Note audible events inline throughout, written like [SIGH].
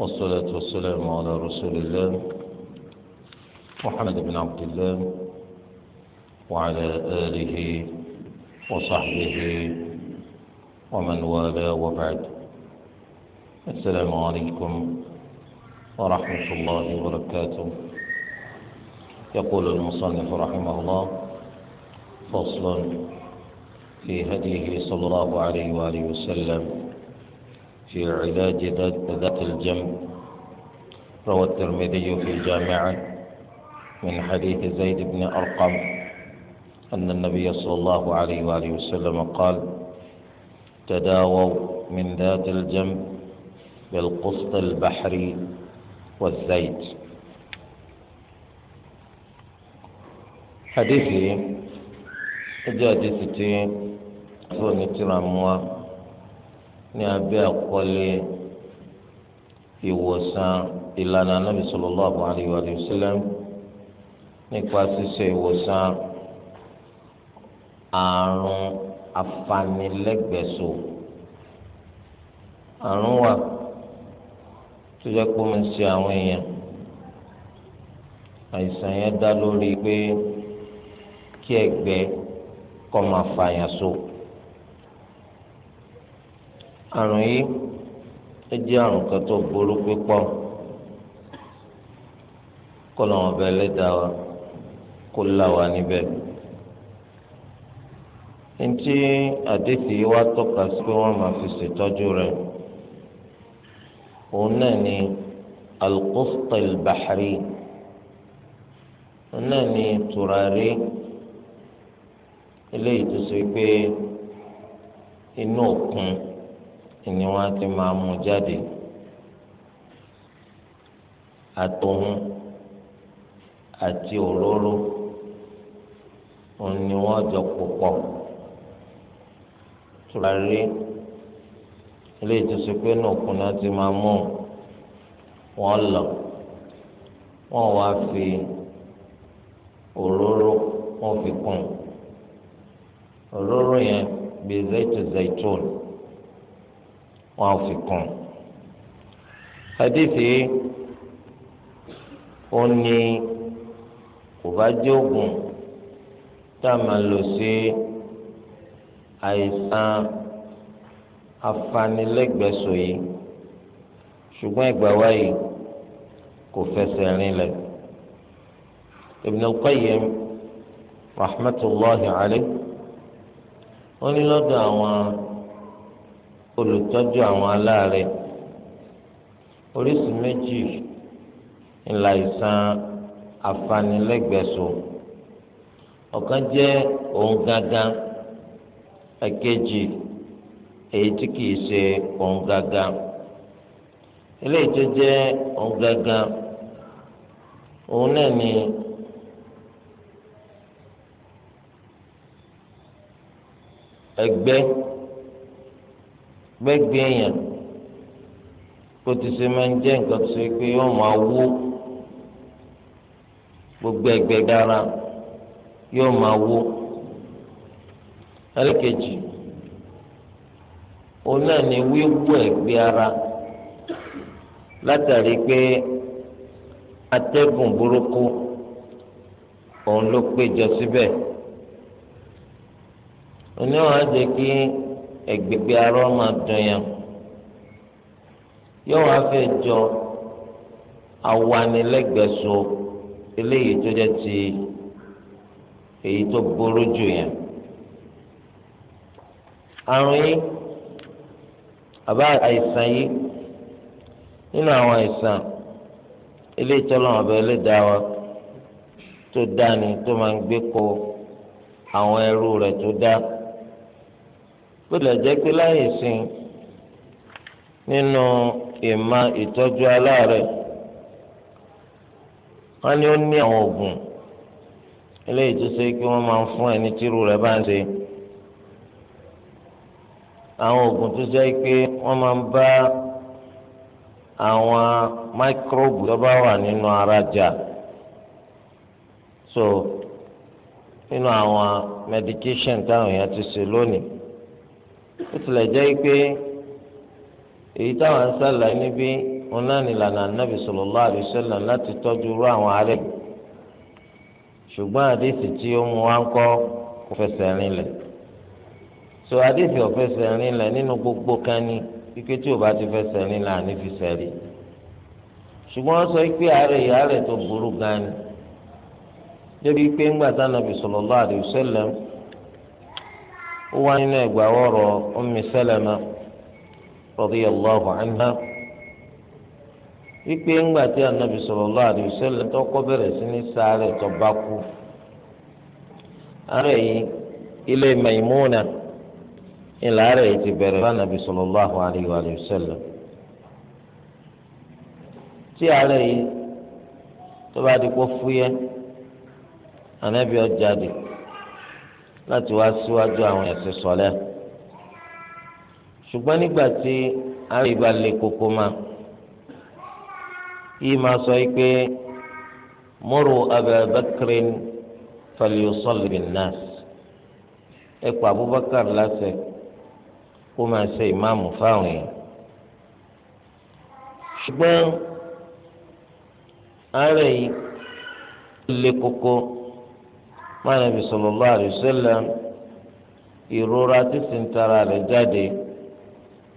والصلاة والسلام على رسول الله محمد بن عبد الله وعلى آله وصحبه ومن والاه وبعد السلام عليكم ورحمة الله وبركاته يقول المصنف رحمه الله فصل في هديه صلى الله عليه وآله وسلم في علاج ذات الجنب روى الترمذي في الجامعة من حديث زيد بن أرقم أن النبي صلى الله عليه وآله وسلم قال تداووا من ذات الجنب بالقسط البحري والزيت حديثي جاء حديثتي هو نترى ní abẹ́ àkọlé ìwòsàn ìlànà anábì sallallahu alaihi wa sallam nípa ṣíṣe ìwòsàn àrùn afanilẹ́gbẹ̀ẹ́sọ àrùn wà tó jẹ́ pé mo ń ṣe àwọn èèyàn àìsàn yẹn dá lórí pé kí ẹ̀gbẹ́ kọ́ máa fàyàn so àrùn yìí ó jẹ́ àrùn kan tó burú pípọ̀ kó lọ́wọ́ ọbẹ̀ ẹlẹ́dàá wa kó là wá níbẹ̀. Ntí àdéhìí wa tọ́ka sí pé wọ́n máa fi ṣètọ́jú rẹ̀. Òun náà ni al-qusṭ Òun náà ni tùràrí eléyìí tó ṣe pé inú òkun. No ni wọ́n ti máa mú jáde àtòhún àti òróró òun ni wọ́n jọ pòpọ̀ tùràrí ilé ìtúsí pé náà kùn náà ti máa mú wọn lọ wọ́n wá fi òróró wọ́n fi kún òróró yẹn bí zaitun zaitun wọn ò fi kún hadithi ó ní kò bá jẹ́ oògùn tá a máa lò sí àìsàn afanilẹ́gbẹ̀ẹ́sọ yìí ṣùgbọ́n ìgbà wáyé kò fẹsẹ̀ rinlẹ̀ Ibn al-Qayyim rahmatulahi alayhi ó ní lọ́dọ̀ àwọn. olùtọ́jú àwọn aláàárẹ̀ oríṣìí méjì ńlá ìsan afanilẹ́gbẹ̀ẹ́sọ ọ̀kan jẹ́ òun gangan ẹ̀kejì èyí tí kì í ṣe òun gangan eléyìí tó jẹ́ òun gangan òun náà ni ẹgbẹ́. gbẹ́gbẹ́ èèyàn kó ti so máa ń jẹ́ nǹkan tó ṣe pé yóò máa wó gbogbo ẹgbẹ́ dára yóò máa wó ẹlẹ́kẹ̀jì òun náà ni wíwú ẹgbẹ́ ara látàrí pé atẹ́gùn burúkú òun ló péjọ síbẹ̀ oníwàá ẹgbẹgbẹ arọ ma dùn yàn yóò wá fẹ́ jọ awanilẹgbẹsọ eléyìí tó jẹ́ ti èyí tó burú jù yẹn àrùn yìí àbá àìsàn yìí nínú àwọn àìsàn eléyìí tó lọ́wọ́ ọbẹ̀ ẹlẹ́dàá wa tó dá ni tó máa ń gbé àwọn ẹrú rẹ̀ gbọ́dọ̀ jẹ́ pé láyé sìn nínú ìmọ̀ ìtọ́jú aláàárẹ̀ wọ́n ní ó ní àwọn oògùn eléyìí tó ṣe pé wọ́n máa ń fún ẹni tírú rẹ̀ bá ń ṣe àwọn oògùn tó ṣe pé wọ́n máa ń bá àwọn máikróbù tó bá wà nínú ara jà so nínú àwọn medication táwọn èèyàn ti ṣe lónìí ó tilẹ̀ jẹ́ pé èyí táwọn ń sàlàyé níbí wọn náà nílànà anábì sallallahu alaihi wasallam láti tọ́jú irú àwọn àárẹ̀ ṣùgbọ́n àdéhìí tí ó mú wa ń kọ́ kò fẹsẹ̀ rinlẹ̀ so àdéhìí ò fẹsẹ̀ rinlẹ̀ nínú gbogbo kan ni wípé tí o bá ti fẹsẹ̀ rinlẹ̀ àní fi sẹ́rí ṣùgbọ́n sọ pé àárẹ̀ ìyá rẹ̀ tó burú gan ni débi pé ńgbà tí anábì sallallahu alaihi wasallam ó wá nínú ẹgbàá ọ̀rọ̀ Ummi Salama radiyallahu ńgbà tí anabi sallallahu alaihi wasallam tọkọ bẹ̀rẹ̀ sí ní sáré tó bá kú àárẹ̀ yìí ilé Maimuna ilà àárẹ̀ yìí ti bẹ̀rẹ̀ fún anabi sallallahu alaihi wasallam tí àárẹ̀ yìí tó bá di kó anabi láti wá síwájú àwọn ẹ̀sìn sọ̀lẹ́ ṣùgbọ́n nígbà tí ara ìbá le koko ma yìí máa sọ pé muru abubakirin falyusalli binnas ẹ pa abubakar láṣẹ kó máa ṣe ìmáàmù fáwọn èèyàn ṣùgbọ́n ara yìí le koko. mọ́nàbí sallallahu alaihi wasallam ìrora títí ń tara rẹ̀ jáde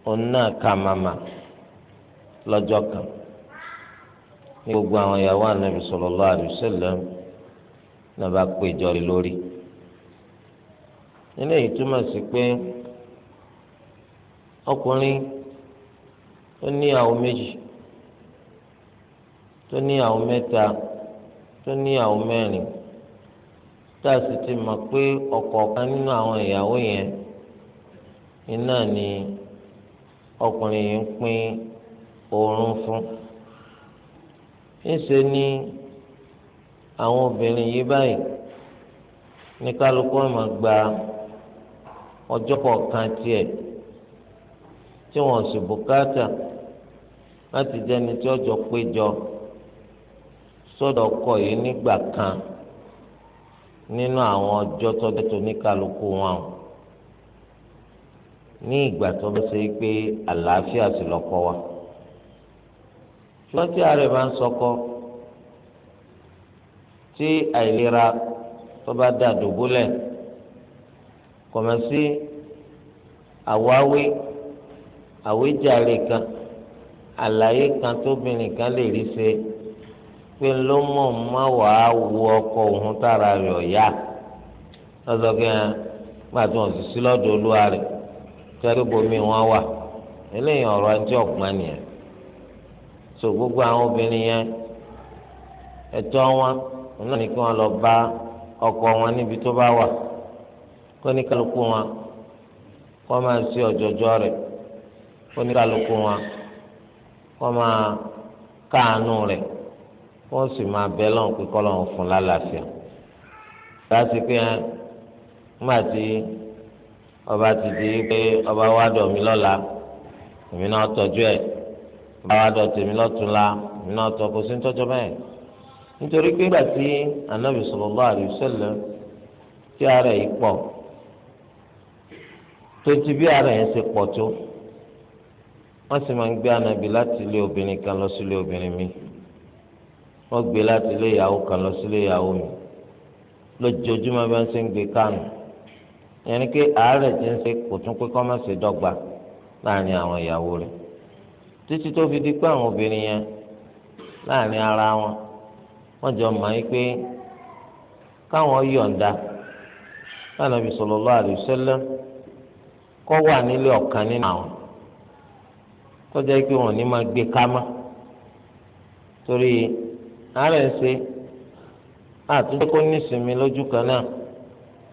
òun náà lọ́jọ́ kan ní gbogbo àwọn ìyàwó ànábì sallallahu alaihi náà bá péjọ rẹ̀ lórí nínú èyí túmọ̀ sí pé ọkùnrin tó ní méjì tó ní tá a sì ti mọ̀ pé ọ̀kọ̀ọ̀kan nínú àwọn ìyàwó yẹn iná ni ọkùnrin yìí ń pín oorun fún ńṣe ni àwọn obìnrin yìí báyìí ní kálukú ọmọ gba ọjọ́ kọ̀ọ̀kan tiẹ̀ tí wọ́n sì bùkátà láti jẹ́ni tí ọjọ́ péjọ sọ́dọ̀ ọkọ yìí nígbà kan nínú àwọn ọjọ́ tọ́jọ́ tó ní kálukú wọn ní ìgbà tó bá ṣe pé àlàáfíà sì lọ́kọ́ wa ṣùgbọ́n tí ààrẹ bá ń sọkọ tí àìlera tó bá dà dùbúlẹ̀ kọ̀mọ̀ sí àwáwí àwíjàre kan àlàyé kan tóbìnrin kan lè rí ṣe. pé ló mọ̀ má wàá wo ọkọ òun tára rẹ̀ ọ̀yá lọ́sọ̀ kí ẹ má tí sì sí lọ́dọ̀ olúwa rẹ̀ tẹ́lẹ̀ bomi wọn wà eléyìí ọ̀rọ̀ ẹni tí ọ̀gbọ́n nìyẹn so gbogbo àwọn obìnrin yẹn wọn náà ní kí lọ bá ọkọ wọn níbi tó bá wà kó ní kálukú wọn kó máa sí wọ́n sì máa bẹ lọ́n pé kọ́lọ́n fún lálàáfíà láti pé nígbà tí ọba ti di pé ọba wá dọ̀ mí lọ́la èmi náà tọ́jú ẹ̀ ọba wá dọ̀ tèmi lọ́túnla èmi náà tọ́ kó sí ń tọ́jú bẹ́ẹ̀ nítorí pé nígbà tí anabi sallallahu alaihi wasallam tí ara yìí pọ̀ tó ti bí ara yẹn ṣe pọ̀ tó wọ́n sì máa ń gbé anabi láti ilé obìnrin kan lọ sí ilé obìnrin míì. wọ́n gbé láti ilé ìyàwó kan lọ sí ilé ìyàwó mi lójoojúmọ́ bá ń ṣe ń gbé kánù yẹn ni pé àárẹ̀ ti ń ṣe kò tún pé kọ́ dọ́gba láàrin àwọn ìyàwó rẹ̀ títí tó fi di pé àwọn obìnrin yẹn láàrin ara wọn wọ́n jọ mọ̀ yín pé káwọn yọ̀ǹda Ànábì sallallahu alaihi wasallam kọ́ wà nílé ọ̀kan nínú àwọn tọ́jà pé wọn ní máa gbé àárẹ̀ ń ṣe àtúntò kó nísìmí lójú kan náà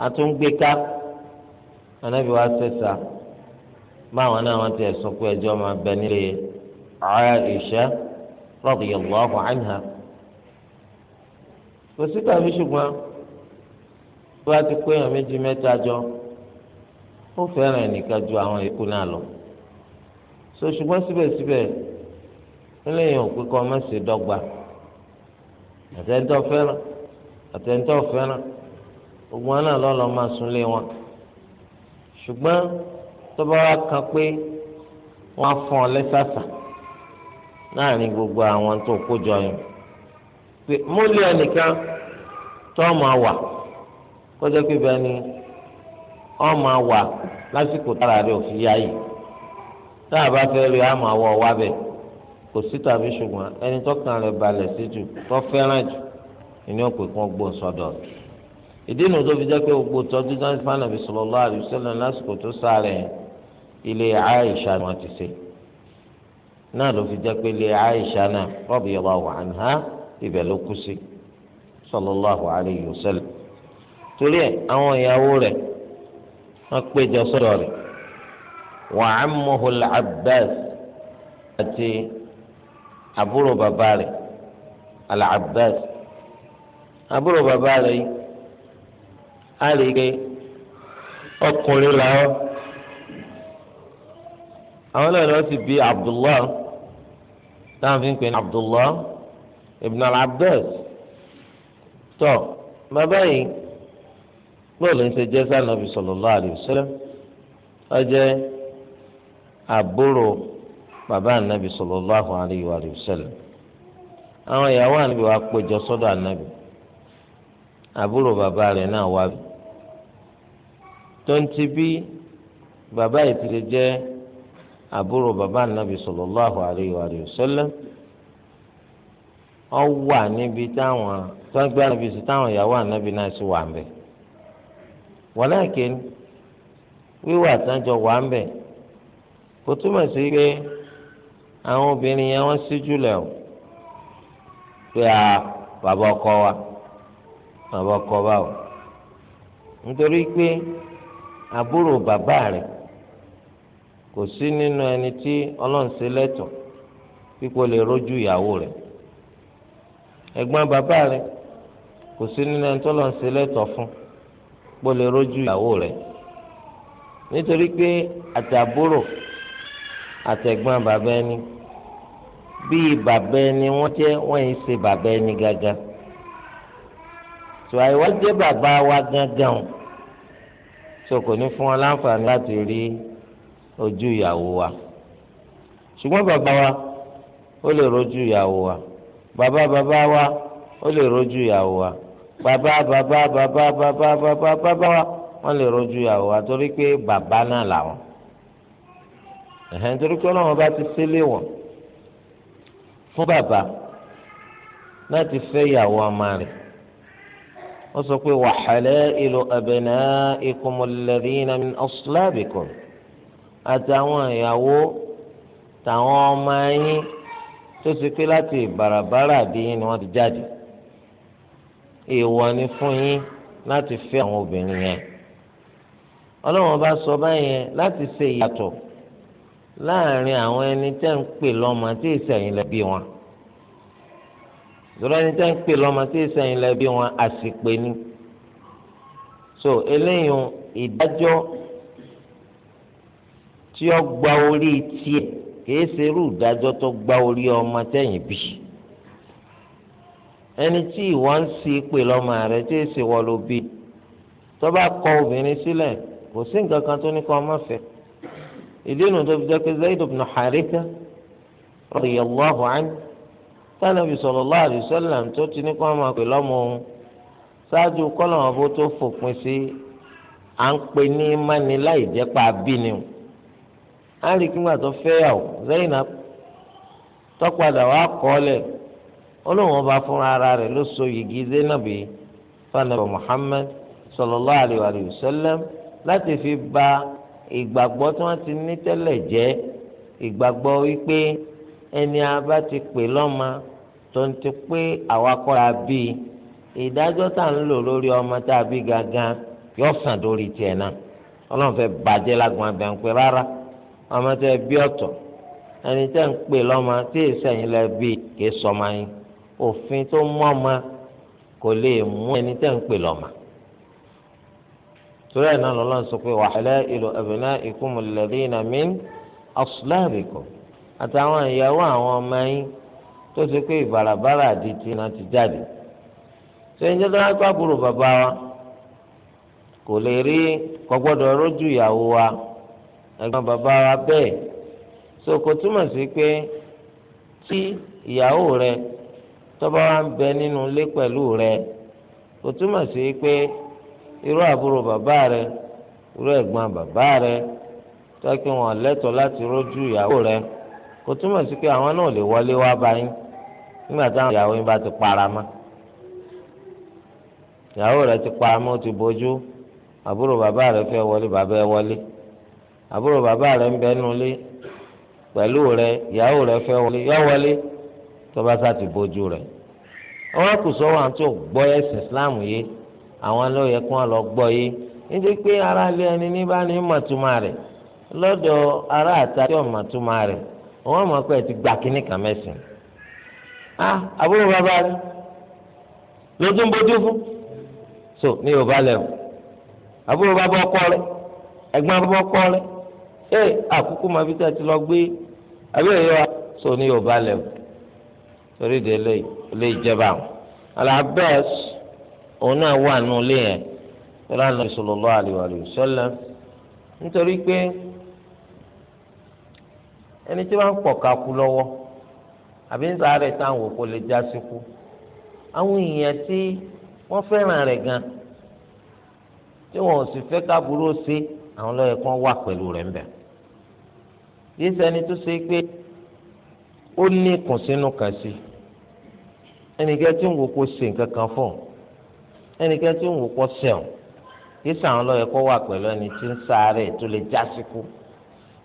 àtúngbéká anábì wa ṣẹṣà báwọn náà wọn ti ẹ̀sùn pé ẹjọ́ máa bẹ nílé Àìṣà radiyallahu anha kò sí tàbí ṣùgbọ́n tó bá ti pé èèyàn méjì mẹ́ta jọ ó fẹ́ràn ẹnìkan ju àwọn ikú náà lọ so ṣùgbọ́n síbẹ̀síbẹ̀ nílé èèyàn ò pé kọ́ ọmọ àtẹ̀ntọ́ fẹ́ràn àtẹ̀ntọ́ fẹ́ràn gbogbo wọn náà lọ́lọ́ máa súnlé wọn ṣùgbọ́n tó bá wá kan pé wọ́n á fún ọ lẹ́sàsà láàrin gbogbo àwọn tó kó jọ yẹn pé mo lé ẹnìkan tó máa wà kọjá pé bẹ́ẹ̀ ni ọ wà lásìkò tára rẹ̀ òfin yá yìí tá a bá fẹ́ rí ọ wọ wá bẹ́ẹ̀. kò sí tàbí ṣùgbọ́n ẹni tọ́kàn rẹ̀ balẹ̀ sí jù tó fẹ́ràn jù ìní òpè kan gbó sọ́dọ̀ ìdí nu tó fi jẹ́ pé gbogbo tọ́jú dáhùn fanabi sallallahu alaihi wasallam lásìkò tó sáré ilé Aisha ni wọ́n ti ṣe náà ló fi jẹ́ pé ilé Aisha náà radiyallahu anha ibẹ̀ ló kú sí sallallahu alaihi wasallam torí ẹ̀ àwọn ìyàwó rẹ̀ péjọ wa ammuhu àti. àbúrò bàbá rẹ̀ Al-Abbas àbúrò bàbá rẹ̀ yìí á lè ké ọkùnrin làwọn àwọn náà ni wọ́n ti bí Abdullah táwọn fi ń pè ní Abdullah ibn Al-Abbas tọ́ bàbá yìí bóòlù ń ṣe jẹ́ nàbì sallallahu alaihi wasallam ó jẹ́ àbúrò. bàbá ànábì ahụ alayhi wa sallam àwọn ìyàwó ànábì wa péjọ sọ́dọ̀ ànábì àbúrò bàbá rẹ̀ náà wá bí tó bí bàbá ìtìrẹ jẹ́ àbúrò bàbá ànábì ahụ alayhi wa sallam ọ wà níbi táwọn tọ́gbé ànábì sí táwọn ìyàwó ànábì náà sì wà mbẹ̀ wíwà wà kò túmọ̀ sí pé. àwọn obìnrin yẹn wọ́n síjú lẹ̀ o pé a bàbá ọkọ wa bàbá ọkọ wa o nítorí pé àbúrò bàbá rẹ̀ kò sí nínú ẹni tí ọlọ́run ṣe lẹ́tọ̀ọ́ pípọ̀ lè rójú ìyàwó rẹ̀ ẹ̀gbọ́n bàbá rẹ̀ kò sí nínú ẹni tí ọlọ́run ṣe fún pípọ̀ lè rójú ìyàwó rẹ̀ nítorí pé àtàbúrò àtẹ̀gbọ́n bàbá ẹni bíi bàbá ẹni wọ́n jẹ́ wọ́n yìí ṣe bàbá ẹni gangan tó àìwá jẹ́ bàbá wa gangan tó kò ní fún wọn láǹfààní láti rí ojú ìyàwó wa ṣùgbọ́n bàbá wa ó lè rojú ìyàwó wa bàbá bàbá wa ó lè rojú ìyàwó wa bàbá bàbá bàbá bàbá bàbá bàbá wa wọ́n lè rojú ìyàwó wa torí pé bàbá náà làwọn ẹ̀hẹ́n torí pé ọlọ́run bá ti sílé wọ̀n fún bàbá láti fẹ́ ìyàwó ọmọ rẹ̀ ó sọ pé wa halailu abnaikumul ladhina min aslabikum àtàwọn ìyàwó tàwọn ọmọ yín tó ṣe pé láti bàràbàrà bí ni wọ́n ti jáde èèwọ̀ ni fún yín láti fẹ́ àwọn obìnrin yẹn ọlọ́run bá sọ báyẹn láti ṣe ìyàtọ̀ láàrin àwọn ẹni tẹ́ ń pè lọ́mọ tí ìsẹ̀yìn lẹ́bí wọn ìṣòro ẹni tẹ́ ń pè lọ́mọ tí ìsẹ̀yìn lẹ́bí wọn àsìpè ni so eléyìí ìdájọ́ tí ó gba orí tiẹ̀ kìí ṣe irú ìdájọ́ tó gba orí ọmọ tẹ̀yìn bí ẹni tí ìwọ ń sì pè lọ́mọ rẹ tí èsì wọ ló bí tó bá kọ obìnrin sílẹ̀ kò sí nǹkan kan tó ní kọ́ ọmọ fẹ́ẹ́ ìdí nu tó fi jẹ́ pé Zaid ibn Haritha radiyallahu anhu tánàbì sallallahu alaihi wasallam tó ti ní kó máa pè lọ́mọ òun ṣáájú kọ́lọ́mọ bó tó fòpin sí à ń pè ní mání láì jẹ́ pa bíni o á rí kí wọn àtọ́ fẹ́yàwó Zainab tọ́padà wàá kọ́lẹ̀ olóhùn ọba fúnra ara rẹ̀ ló so yìgì Zainab fanabi Muhammad sallallahu alaihi wasallam láti fi ba ìgbàgbọ́ tí wọ́n ti ní tẹ́lẹ̀ jẹ́ ìgbàgbọ́ wípé ẹni abá ti pè lọ́mọ tó ń ti pé àwa kọ́ra bíi ìdájọ́ tá à ń lò lórí ọmọ tá a bí gangan yóò sàn lórí tiẹ̀ náà ọlọ́run fẹ́ bàjẹ́ lágbọ̀n abẹ́ rárá ọmọ tẹ́ bí ọ̀tọ̀ ẹni tẹ́ ń pè lọ́mọ tí ìsẹ̀yìn lẹ bí kì sọmọ yín òfin tó mọ́ ọmọ kò lè mú ẹni tẹ́ ń pè lọ́mọ torí ẹ̀ náà lọ́lọ́run sọ pé wahala'ilu abna'ikum alladhina min aslabikum àtàwọn ìyàwó àwọn ọmọ yín tó ṣe pé ìbarabara àdìtì náà ti jáde ṣé ń jẹ́ tó wáá pàbùrò bàbá wa kò lè rí kò rójú ìyàwó wa ẹ̀gbọ́n bàbá wa bẹ́ẹ̀ so kò túmọ̀ sí pé tí ìyàwó rẹ tó bá wá ń bẹ nínú ilé pẹ̀lú rẹ kò túmọ̀ sí pé irú àbúrò bàbá rẹ irú ẹ̀gbọ́n bàbá rẹ tó kí wọn lẹ́tọ̀ọ́ láti rójú ìyàwó rẹ kò túmọ̀ sí pé àwọn náà lè wọlé wá báyìí nígbà táwọn ìyàwó yín bá ti para mọ́ ìyàwó rẹ ti para mọ́ ó ti bójú àbúrò bàbá rẹ fẹ́ wọlé bàbá ẹ wọlé àbúrò bàbá rẹ ń bẹnu lé pẹ̀lú rẹ ìyàwó rẹ fẹ́ wọlé yọ wọlé tó bá sá ti bójú rẹ. ọwọ́ kù sọ́wọ́ àti ògbọ́ ẹ̀sìn Islam yìí àwọn ló yẹ gbọ́ yìí nítorí pé ara ilé ẹni ní ní lọ́dọ̀ ara àta tí ọ̀mọ̀túmọ̀ rẹ̀ mọ̀ pé ti gbà kínní kan mẹ́sìn. a àbúrò bàbá lójú so ní yorùbá lẹ́wọ̀ àbúrò bàbá ọkọ ẹ̀gbọ́n bàbá ọkọ àkókò máa fi lọ gbé àbúrò wa so ní yorùbá lẹ́wọ̀ torí de lè jẹba àwọn alábẹ́ẹ̀sì. òun náà wà nù lé yẹn tọ́lá ní sallallahu alaihi wa sallam nítorí pé ẹni tí wọ́n pọ̀ kakú lọ́wọ́ àbí ń sáré táwọn òkú lè já síkú àwọn èèyàn tí wọ́n fẹ́ràn rẹ̀ gan tí wọ́n ò sì fẹ́ kábúrò ṣe àwọn lọ́yẹ̀ kan wà pẹ̀lú rẹ̀ ńbẹ̀ yìí sẹ́ni tó ṣe pé ó ní ìkùnsínú kan sí ẹnìkan tí ń wo ṣe nǹkan kan fún un ẹnikẹ́ni tí ń wò pọ̀ sẹ́wọ̀n kí sàwọn lọ́yẹ̀ kọ́ wà pẹ̀lú ẹni tí ń sáré tó lè jásíkú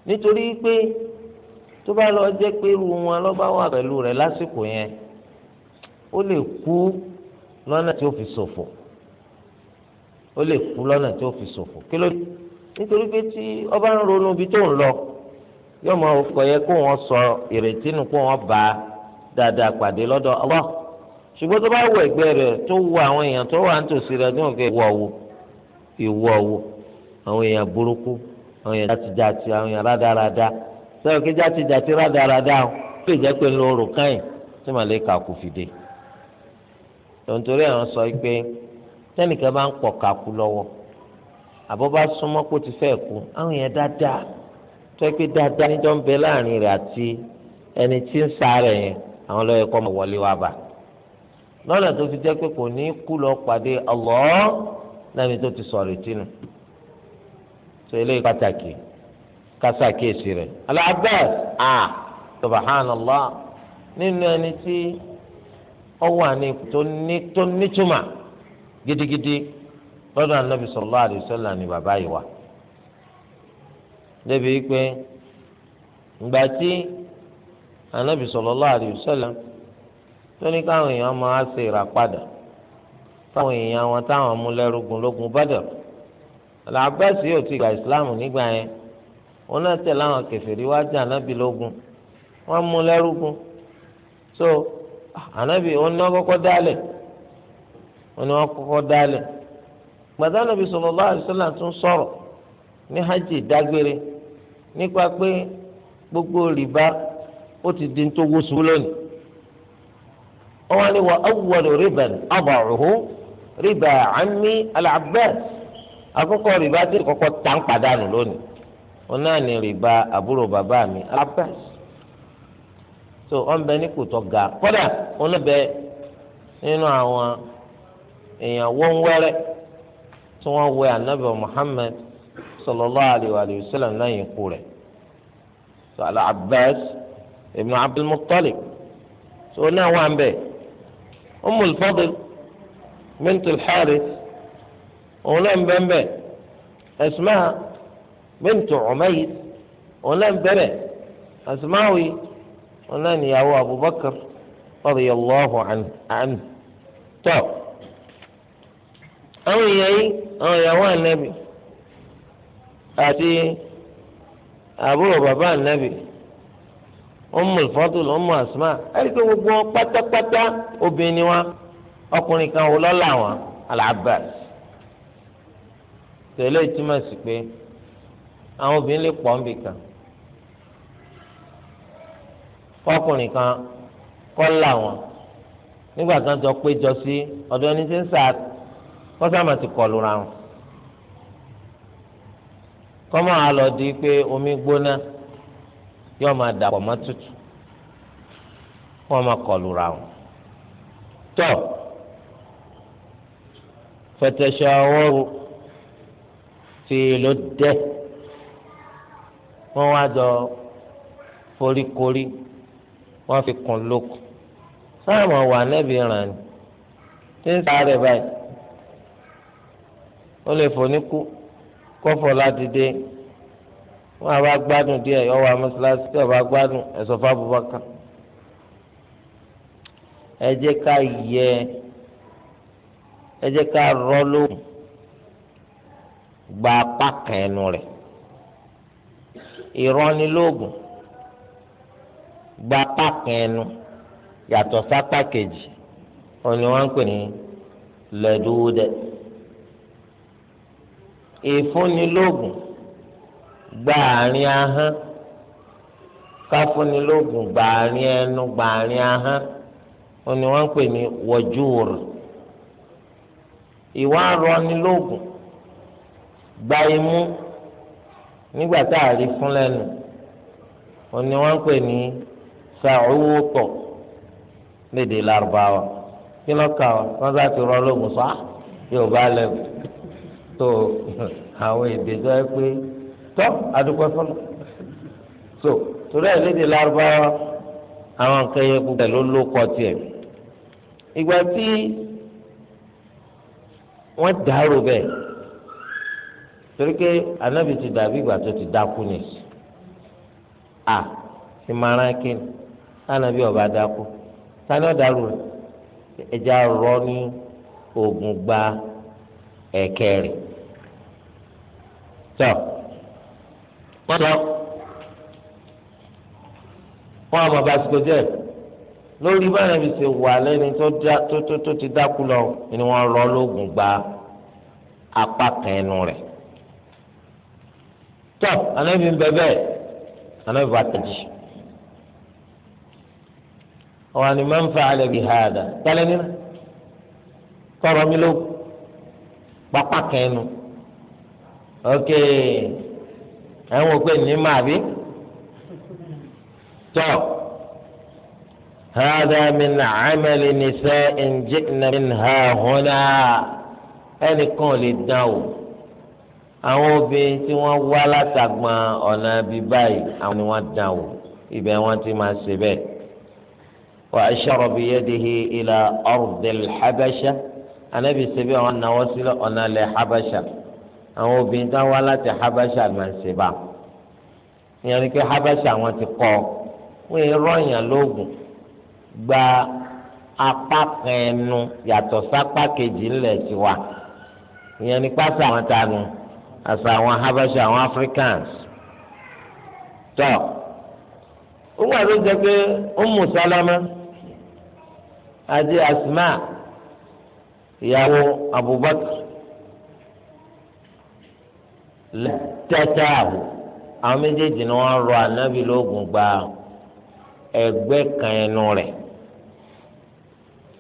nítorí pé tó bá lọ jẹ́ pé irú wọn lọ́ wà pẹ̀lú rẹ̀ lásìkò yẹn ó lè kú lọ́nà tí ó fi ṣòfò ó lè kú lọ́nà tí ó fi ṣòfò kí ló nítorí pé tí ọba ń ronú ibi tó ń lọ yóò máa yẹ kó wọn sọ ìrètí nù kó wọn bá dáadáa pàdé lọ́dọ̀ Allah ṣùgbọ́n tó bá wọ ẹgbẹ́ rẹ̀ tó wọ àwọn èèyàn tó wà nítòsí rẹ̀ tó ń kẹ́ ìwọ wo ìwọ wo àwọn èèyàn burúkú àwọn èèyàn jàtijàti àwọn èèyàn rádaràda sẹ́wọ̀n kí jàtijàti rádaràda ó lè jẹ́ pé ńlọ òrò káyìn tí màlẹ́kà kò fìdé. tòǹtòrí àwọn sọ pé tẹ́nìkan bá ń pọ̀ kakú lọ́wọ́ àbọ̀ bá súnmọ́ kó ti fẹ́ kú àwọn èèyàn dáadáa tó yẹ pé dáadáa níjọ́ ń bẹ láàrin rẹ̀ àti ẹni tí ń sa rẹ̀ yẹn àwọn lọ́yẹ̀kọ́ mọ̀ wọlé wa bàá lọ́nà tó fi jẹ́ pé kò ní kú lọ pàdé ọlọ́ọ́ lẹ́ni tó ti sọ̀rọ̀ ìtinú tó eléyìí pàtàkì kásákèsì rẹ̀ Al-Abbas a subhanallah nínú ẹni tí wà tó nítumà gidigidi lọ́dọ̀ anabi sallallahu ni bàbá yìí wà débi pé ìgbà tí tó ní káwọn èèyàn máa ṣe ìràpadà fáwọn èèyàn wọn táwọn mú lẹ́rùgùn lógun bọ́dọ̀ làbẹ́sì yóò ti gba ìsìláàmù nígbà yẹn wọn náà tẹ̀lé àwọn kẹfìrí wá jà nábì lógun wọn mú so ànábì wọn ní wọn kọ́kọ́ dálẹ̀ wọn wọn gbàdá tún ní gbogbo rìbá ó di ń tó wọ́n ní wọ́n awọ́lù rìbẹ̀n ọ̀bọ̀rùhù Riba àmì al-Abbas akókò rìbá tí kọ́kọ́ tà lónìí wọn náà riba rìbá àbúrò bàbá mi al so wọn bẹ ní kùtọ ga kódà wọn bẹ nínú àwọn èèyàn wọn wẹrẹ tí wọn wẹ anabi Muhammad sallallahu alayhi wa sallam lẹ́yìn ikú so al ibn Abdul náà wà ń bẹ. Umm al-Fadl bint al-Harith òun náà ń bẹ́ẹ̀ bẹ́ẹ̀ Asma bint Umayr òun náà ń bẹ́ẹ̀ Asmawi òun náà níyàwó Abubakar radiyallahu anhu tọ́ àwọn èèyàn yìí àwọn ìyàwó ànábì àti àbúrò bàbá ànábì. Ummul Fadl Ummu Asma ẹni pé gbogbo wọn pátápátá obìnrin ni wọn ọkùnrin kan wò lọ́la wọn Al-Abbas tẹ̀lé ìtumọ̀ sí pé àwọn obìnrin lè pọ̀ níbi kan kọkùnrin kan kọ́ là wọn nígbà kan jọ péjọ sí ọ̀dọ̀ ẹni tí ń sà kọ́sàmà ti kọlu ra wọn kọ́mọ àlọ́ di pé omi gbóná yóò máa dàpọ̀ mọ́ tútù wọ́n máa kọlù ra wọn. tọ́ fẹ̀tẹ̀ṣẹ̀ ọwọ́rù tí ló dẹ́ wọ́n wá jọ foríkorí wọ́n fi kún lókun sáàmù wà nẹ́bí ràn ní tí ń sáré báyìí ó lè fò ní kú kó fò láti dé wọn bá gbádùn díẹ̀ yọ wá mọ́sálásí tí wọn bá gbádùn ẹsọ fún Abubakar ẹ jẹ́ ká yẹ ẹ jẹ́ ká rọ lóhùn gba apá kan ẹnu rẹ̀ ìrọnilóògùn gba apá kan ẹnu yàtọ̀ sápá kejì òní wọn ń pè ní lẹdúwúdẹ ìfúnnilóògùn. E gba àárín ahọ́n káfúnni ẹnu gba àárín ahọ́n ó pè ní wọ́júùrù ìwà rọni gba imú nígbà tá a rí fún lẹ́nu ó ní pè ní sàrúwòtọ̀ lédè lárúbáwá kí lọ́ọ́ kà wọ́n wọ́n bá ti yóò bá tó àwọn èdè tó tọ́ àdúgbò fọlọ so torí ẹ̀ lédè lárúbáwá àwọn nǹkan yẹn kú pẹ̀lú ló kọ tiẹ̀ ìgbà tí wọ́n dàrú bẹ́ẹ̀ torí pé anábì ti dàbí ìgbà tó ti dákú ni à ìmọ̀ràn kíni anábì ọba dákú sani ọ̀dàrú rẹ̀ ẹja rọ ní oògùn gba ẹ̀kẹ́rì tọ́ wọ́n lọ wọ́n àwọn bàbá àsìkò díẹ̀ lórí bá nàbì ṣe wà lẹ́ni tó ti dákú lọ ni wọ́n rọ lóògùn gba apá kan ẹnu rẹ̀ tọ́ anábì ń bẹ bẹ́ẹ̀ anábì bá tẹ̀jì ọ̀hún ni máa ń fa alẹ́ bí hàdà tálẹ́ nínú kọ́rọ̀ mi ló pápá kan ẹnu. Okay ẹ̀ ń wò pé ní máa bí tọ́ hada min amali nisa'in ji'na minha huna ẹnìkan ò lè dán o àwọn obìnrin tí wọ́n wá látàgbọn ọ̀nà bíi àwọn ni wọ́n dán o ibẹ̀ wọ́n ti máa ṣe bẹ́ẹ̀. وأشار بيده إلى أرض الحبشة أنا بسبيع أن وصل أنا لحبشة àwọn obìnrin tó wá láti habasha máa ń ṣe bá ìyẹn ni pé habasha wọn ti kọ wọn yìí rọyàn lóògùn gba apá kan ẹnu yàtọ̀ sápá kejì ńlẹ̀ tiwa ìyẹn ni pásá àwọn tanu àṣà àwọn habasha àwọn africans tọ òun àti oúnjẹ pé Ummu Salama àti Asma ìyàwó Abubakar lẹ́tẹ̀tẹ̀hù àwọn méjèèjì ni wọ́n rọ ànábì lóògùn gba ẹgbẹ́ kan ẹnu rẹ̀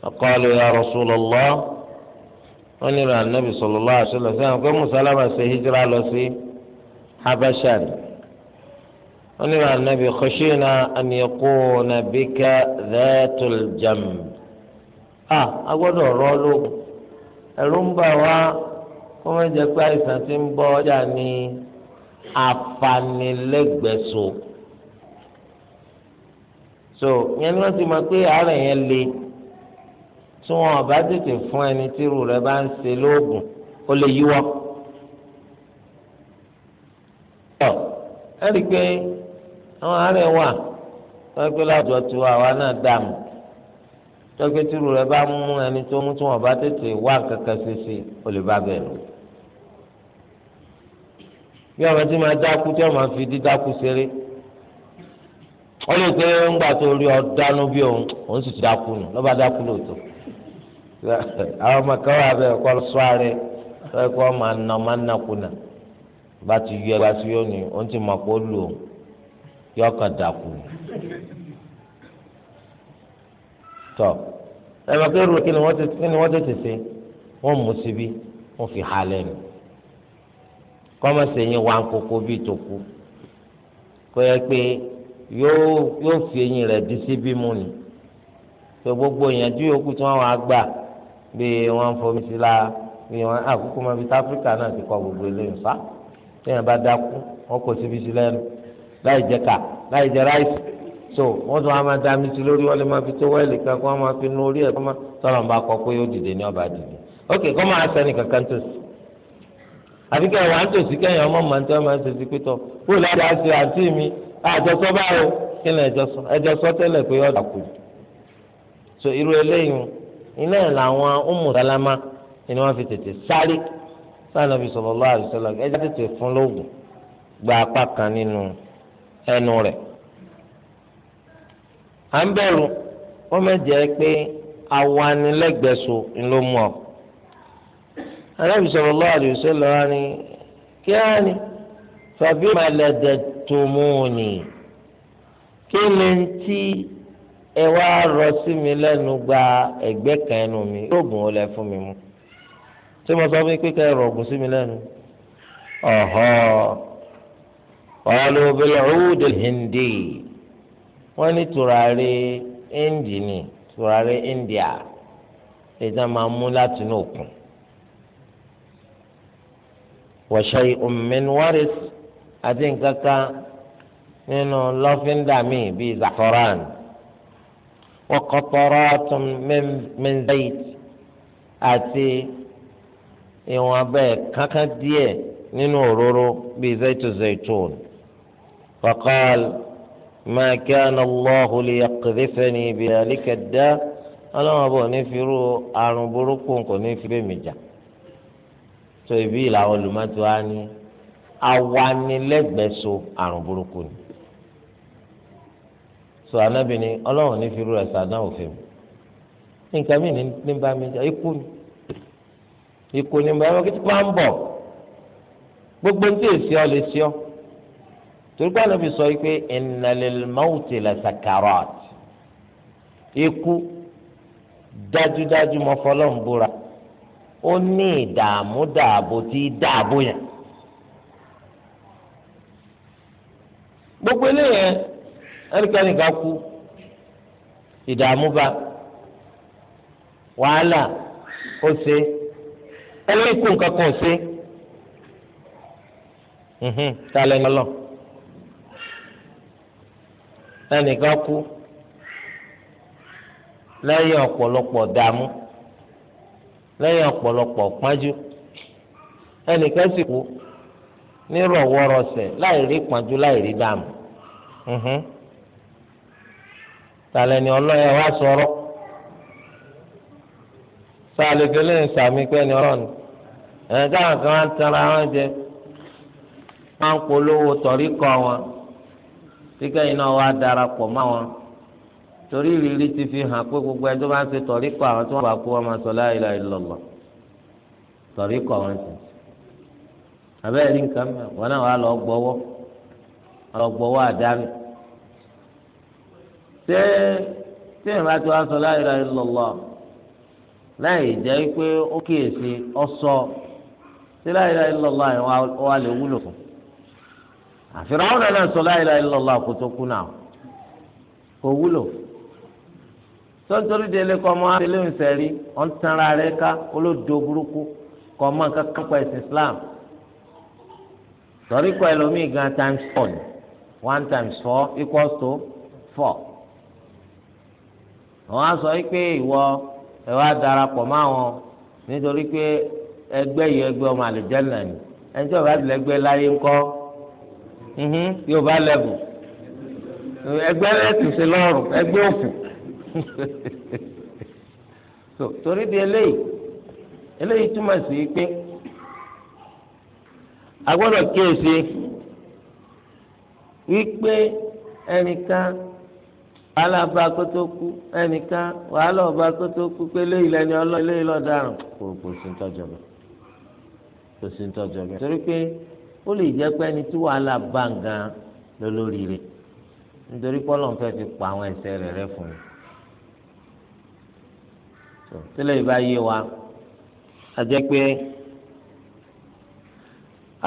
ọkọọlù ya Rasulullah wọ́n nílò ànábì sallallahu alaihi wasallam sẹ́wọ̀n pé mùsàlámà ṣe hijira lọ sí habasha ni wọ́n nílò ànábì khashina an yakuna bika dhatul jamb a agbọ́dọ̀ rọ́ lóògùn ẹ̀rú ó máa ń jẹ pé àìsàn ti ń bọ́ ọjà ní afanilẹ́gbẹ̀ẹ́so so yẹn ni wọ́n ti mọ̀ pé àárẹ̀ yẹn le tí wọn ò bá tètè fún ẹni tí irú rẹ̀ bá ń ṣe lóògùn ó lè yíwọ́. ẹ rí i pé àwọn àárẹ̀ wà wọ́n pé láwùjọ tí àwa náà dààmú tọ́gbẹ́tìrú rẹ̀ bá mú ẹni tó mú tí wọn bá tètè wá kankan ṣe sí i bá bẹ̀rù bí ọmọ tí máa dákú tí ọmọ fi dídákú ṣeré wọ́n lè pé ńgbà tó rí ọ dánú bí òun òun sì ti dákú nù lọ́ba dákú lóòótọ́ àwọn ọmọ kan wà bẹ́ẹ̀ kọ́ sọ ààrẹ lọ́wọ́ kọ́ máa nà máa nà kùnà bá ti yọ ẹ bá ti yọ òun ti mọ̀ pé lò ó yọ kàn dákú nù tọ ẹ bá kí kí ni wọ́n ti ṣe wọ́n mú síbi wọ́n fi hà lẹ́nu kọ́mọ̀sì yín wá kókó bíi tòkú kó yẹ pé yóò yóò fi eyín rẹ̀ di sí bímú ni tó gbogbo ìyànjú yòókù tí wọ́n wá gbà bí wọ́n fomi sí la bí wọ́n àkókò ah, mọ́ bíi táfíríkà náà ti kọ́ gbogbo eléyìí fa téèyàn bá dákú wọ́n kò síbi sí lẹ́nu láì jẹ ká láì jẹ ráìsì so wọ́n tún wá máa dá mi sí lórí wọ́n lè máa fi tó wẹ́ẹ̀lì kan kó wọ́n máa fi nu orí ẹ̀ kó wọ́n tọ́lọ̀ ń bá kọ pé ok kó máa sẹ́ni kankan àbí kẹ́ ẹ̀ wá ń tòsí kẹ́yìn ọmọ màá tí wọ́n máa ń kó o lára ṣe àǹtí mi àjọsọ báwo kí ni ẹjọsọ ẹjọsọ tẹ́lẹ̀ pé ọ̀dà kù so irú eléyìí iná ẹ̀ làwọn ọmọ sálámà ni wọ́n fi tètè sáré ẹjọ́ tètè fún lóògùn gba apá kan ẹnu rẹ̀ à ń bẹ̀rù wọ́n mẹ́jẹ̀ pé alábi sọ̀rọ̀ lọ́wọ́ àdìsẹ́ lọ́wọ́ ni kí á ní fàbí màlẹ́dẹ̀ tó mú ni kí ni ti ẹ wá rọ sí mi lẹ́nu gba egbe kan ẹnu mi oògùn ó lẹ fún mi mu tí mo sọ fún yín pé ká ẹ rọ oògùn sí mi lẹ́nu ọ̀họ́ obìnrin hindi wọ́n ní tùràrí índì ni tùràrí india èyí tí wọ́n máa mú látinú òkun. wa shay'un min waris àti nǹkan kan nínú lọ́fíńdà míì bíi zafaran wa qataratun min zayt àti ìwọ̀n abẹ́ kankan díẹ̀ nínú òróró bíi zaytu zaytun faqal ma kana Allahu liyaqdhifani bi dhalika ad-da' ọlọ́wọ́n bò ní firu àrùn burúkú kò ní fi bẹ́ẹ̀ tó ibi làwọn olùmọ̀tò á ní awanilẹ́gbẹ̀ẹ́so àrùn burúkú ni so anabi ni ọlọ́run ní firu ẹ̀sà náà òfin mi nǹkan mi ní bá mi jẹ ikú ni ikú ni bá mi kí tí máa ń bọ̀ gbogbo ní tí èsì ọ lè sí ọ torí pé anabi sọ pé ìnàlélmọ́wùtì lẹ́sàkàrọ̀t ikú dájúdájú mọ́fọ́lọ́mbúra ó ní ìdààmú dààbò tí dààbò yẹn. gbogbo eléyẹn ẹnikẹ́ni ká kú ìdààmú bá wàhálà ó ṣe ẹlẹ́yìn kú nǹkan kan ṣe mhm, tá a lẹ́nu ọlọ́ ẹnìkan kú lẹ́yìn ọ̀pọ̀lọpọ̀ dààmú. lẹ́yìn ọ̀pọ̀lọpọ̀ pájú ẹnìkan sì kú nírọ̀wọ́rọsẹ̀ láì rí pájú láì rí dààmú mhm. tàlẹ́ni ọlọ́yẹ wá sọ̀rọ̀ sàlẹ̀fẹ́lẹ́ sàmì pẹ́ni ọ̀rọ̀ ni ẹ̀ka kan á tara wọn jẹ wọn polówó tọ̀rí kọ wọn síkẹ́yìn náà wá darapọ̀ mọ́ wọn. torí ìrírí ti fi hàn pé gbogbo ẹjọ́ bá ń ṣe tọ̀ríkọ̀ àwọn tí wọ́n bá kú wọn máa sọ la ilaha illallah tọ̀ríkọ̀ ti abẹ́rẹ́ ní nǹkan mẹ́rin wọn náà wà lọ gbọ́wọ́ lọ gbọ́wọ́ àdáni ṣé tí ìrìn àti wọn sọ la láì jẹ́ pé ó kíyèsí ọ̀sọ́ la ilaha illallah yẹn wà lè wúlò fún àfihàn àwọn náà sọ la ilaha illallah kó kú náà kò wúlò sọ́ńtórí délé kọ́ ọmọ àtẹlẹ́ ìsẹ̀rí ọ̀n tanra rẹ ká olódo burúkú kọ́ ọmọ nǹkan kan pa ẹ̀sìn Islam sọ̀rí kọ́ ẹlòmíì gan times four ni one times four equals to four àwọn á sọ pé ìwọ ẹ wá darapọ̀ mọ́ àwọn nítorí pé ẹgbẹ́ yìí ẹgbẹ́ ọmọ àlùjànnà ni ẹni tí ọba ti lẹ́gbẹ́ láyé ńkọ́ yóò bá lẹ́bù ẹgbẹ́ rẹ̀ ti ṣe lọ́rùn ẹgbẹ́ òfin. so torí di eléyìí eléyìí túmọ̀ sí pé a kíyèsí wípé ẹnìkan wàhálà kótó kú ẹnìkan wàhálà ọba kótó kú pé eléyìí lẹni ọlọ́ eléyìí lọ́daràn kò kò sí kò sí torí pé ó lè jẹ́ pé ẹni tí wàhálà bá ń gan lólórí rẹ̀ nítorí tẹ́lẹ̀ ìbá yé wa a jẹ́ pé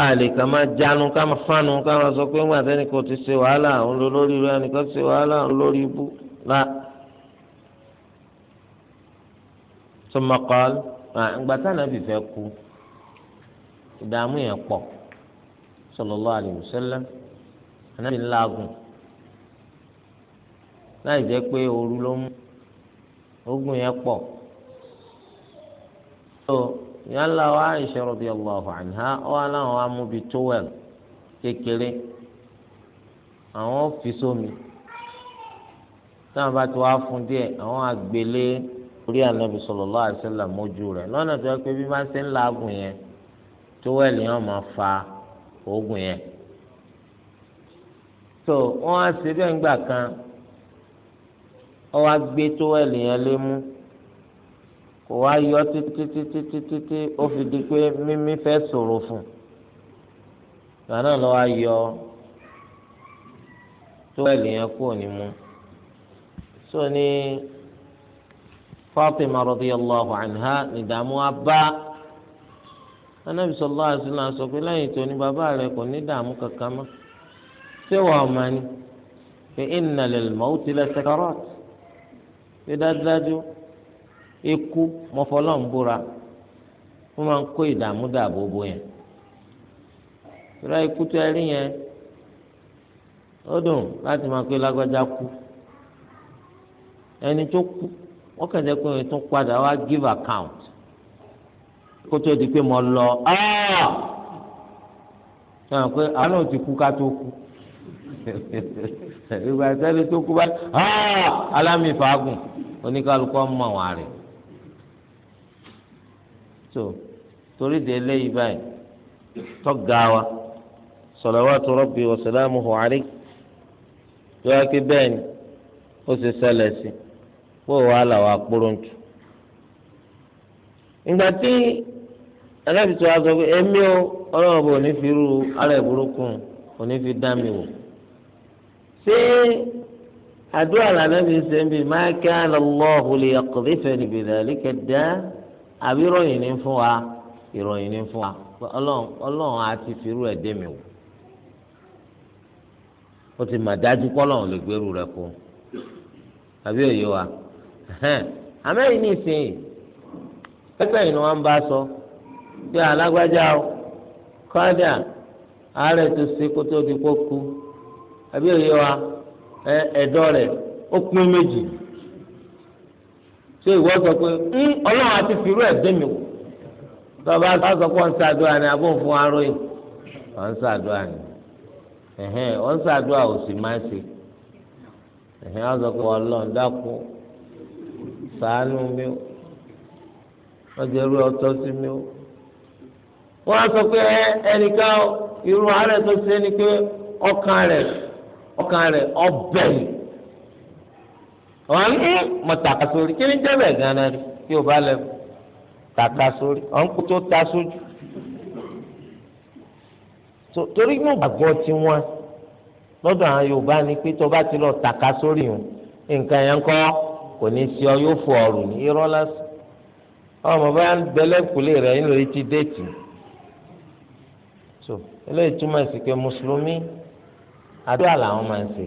a lè kà máa jánu ká máa fánu ká máa sọ pé ńgbà tẹ́ni kò ti ṣe wàhálà òun ló lórí rẹ ẹnìkan ti ṣe wàhálà òun lórí ibú la. ثم قال ńgbà táwọn àbí fẹ́ kú ìdààmú yẹn pọ̀ sallallahu alaihi wasallam ànábì ńláàgùn láì jẹ́ pé ooru ló mú ogun yẹn pọ̀ so yàrá wa Aisha radiyallahu anha ọ aláwọn amúbi towel kékeré àwọn fi sómi táwọn bá ti wá fún díẹ̀ àwọn àgbélé orí ànábi sallallahu alaihi wasallam mójú rẹ̀ lọ́nà tó yẹ pé bí wọ́n ṣe ń làágùn yẹn towel yẹn máa fa oògùn yẹn so wọ́n á ṣe bẹ́ẹ̀ ńgbà kan ọ wá gbé towel yẹn lé mú kò wá yọ títítítítítí ó fi di pé mímí fẹ́ ṣòro fún ìgbà náà lọ́ wá yọ tó wẹ̀ lèèyàn kúrò ní mú sọ ni Fatima radiyallahu anha nìdààmú abá anabi sọlá àṣìlá sọ pé lẹ́yìn tó ní bàbá rẹ kò ní dààmú kankan mọ́ ṣé wà á máa ní pé inna lil mauti la sakarat pé dájúdájú. ikú mọ́fọ́lọ́ǹbúra wọ́n máa ń kó ìdààmú dààbò bo yẹn ìrọ ikú tó ẹrí yẹn ó dùn láti máa pé lágbájá kú ẹni tó kú wọ́n pé òun tún padà wá give account kó tó di pé mo lọ ah! pé àwọn náà ti kú ká tó kú [LAUGHS] ìgbà tó kú bá ah! alámì so torí de eléyìí báyìí tọ́gà wa salawatu rabbi wa salamuhu alayhi tó wá pé bẹ́ẹ̀ ni ó ṣe ṣẹlẹ̀ sí pé wàhálà wa kúròǹtù. ìgbà tí alábìtú wa sọ pé èmi ò ọlọ́run bò ní fi rú ara ìburúkú ò fi dá mi wò. ṣé àdúrà lànà mi ṣe ń bi ma kana Allahu liyaqdhifani bidhalika da. àbí ìròyìn ní fún wa ìròyìn ní fún wa ọlọ́run ti firú ẹ̀ dé mi wò ó ti mà dájú kọ́lọ́run lè gbèrú rẹ̀ àbí òye wa àmẹ́yìn ní pẹ́pẹ́ yìí ni wọ́n bá sọ pé alágbájá o kọ́dà ààrẹ tó ṣe kó tó di kó kú àbí ṣé ìwọ sọ pé ń ọlọ́run àti fìrú ẹ̀ dé mi wò tọ́ba bá sọ pé ọ̀n ṣàdúrà ni abó fún aróyìn ọ̀n ṣàdúrà ni ọ̀n ṣàdúrà ò sì máa ṣe ọ̀n sọ pé ọlọ́run dákú mi wọ́n ti rú wọn ní mo tàka sórí kí ni jẹ́bẹ̀ gan-an kí o bá lẹ̀ tàka sórí ọ̀n kó tó ta sójú torí inú gbàgbọ́ tiwọn lọ́dọ̀ àwọn Yorùbá ni pé tó bá ti lọ tàka sórí yìí nǹkan yẹn kọ́ kò ní sí ọ yóò fọ ọrùn ní irọ́ lásán ọmọ bá ń gbẹlẹ́kùlé rẹ̀ ń ti déètì so eléyìí túmọ̀ sí pé mùsùlùmí àdúrà làwọn máa ń ṣe.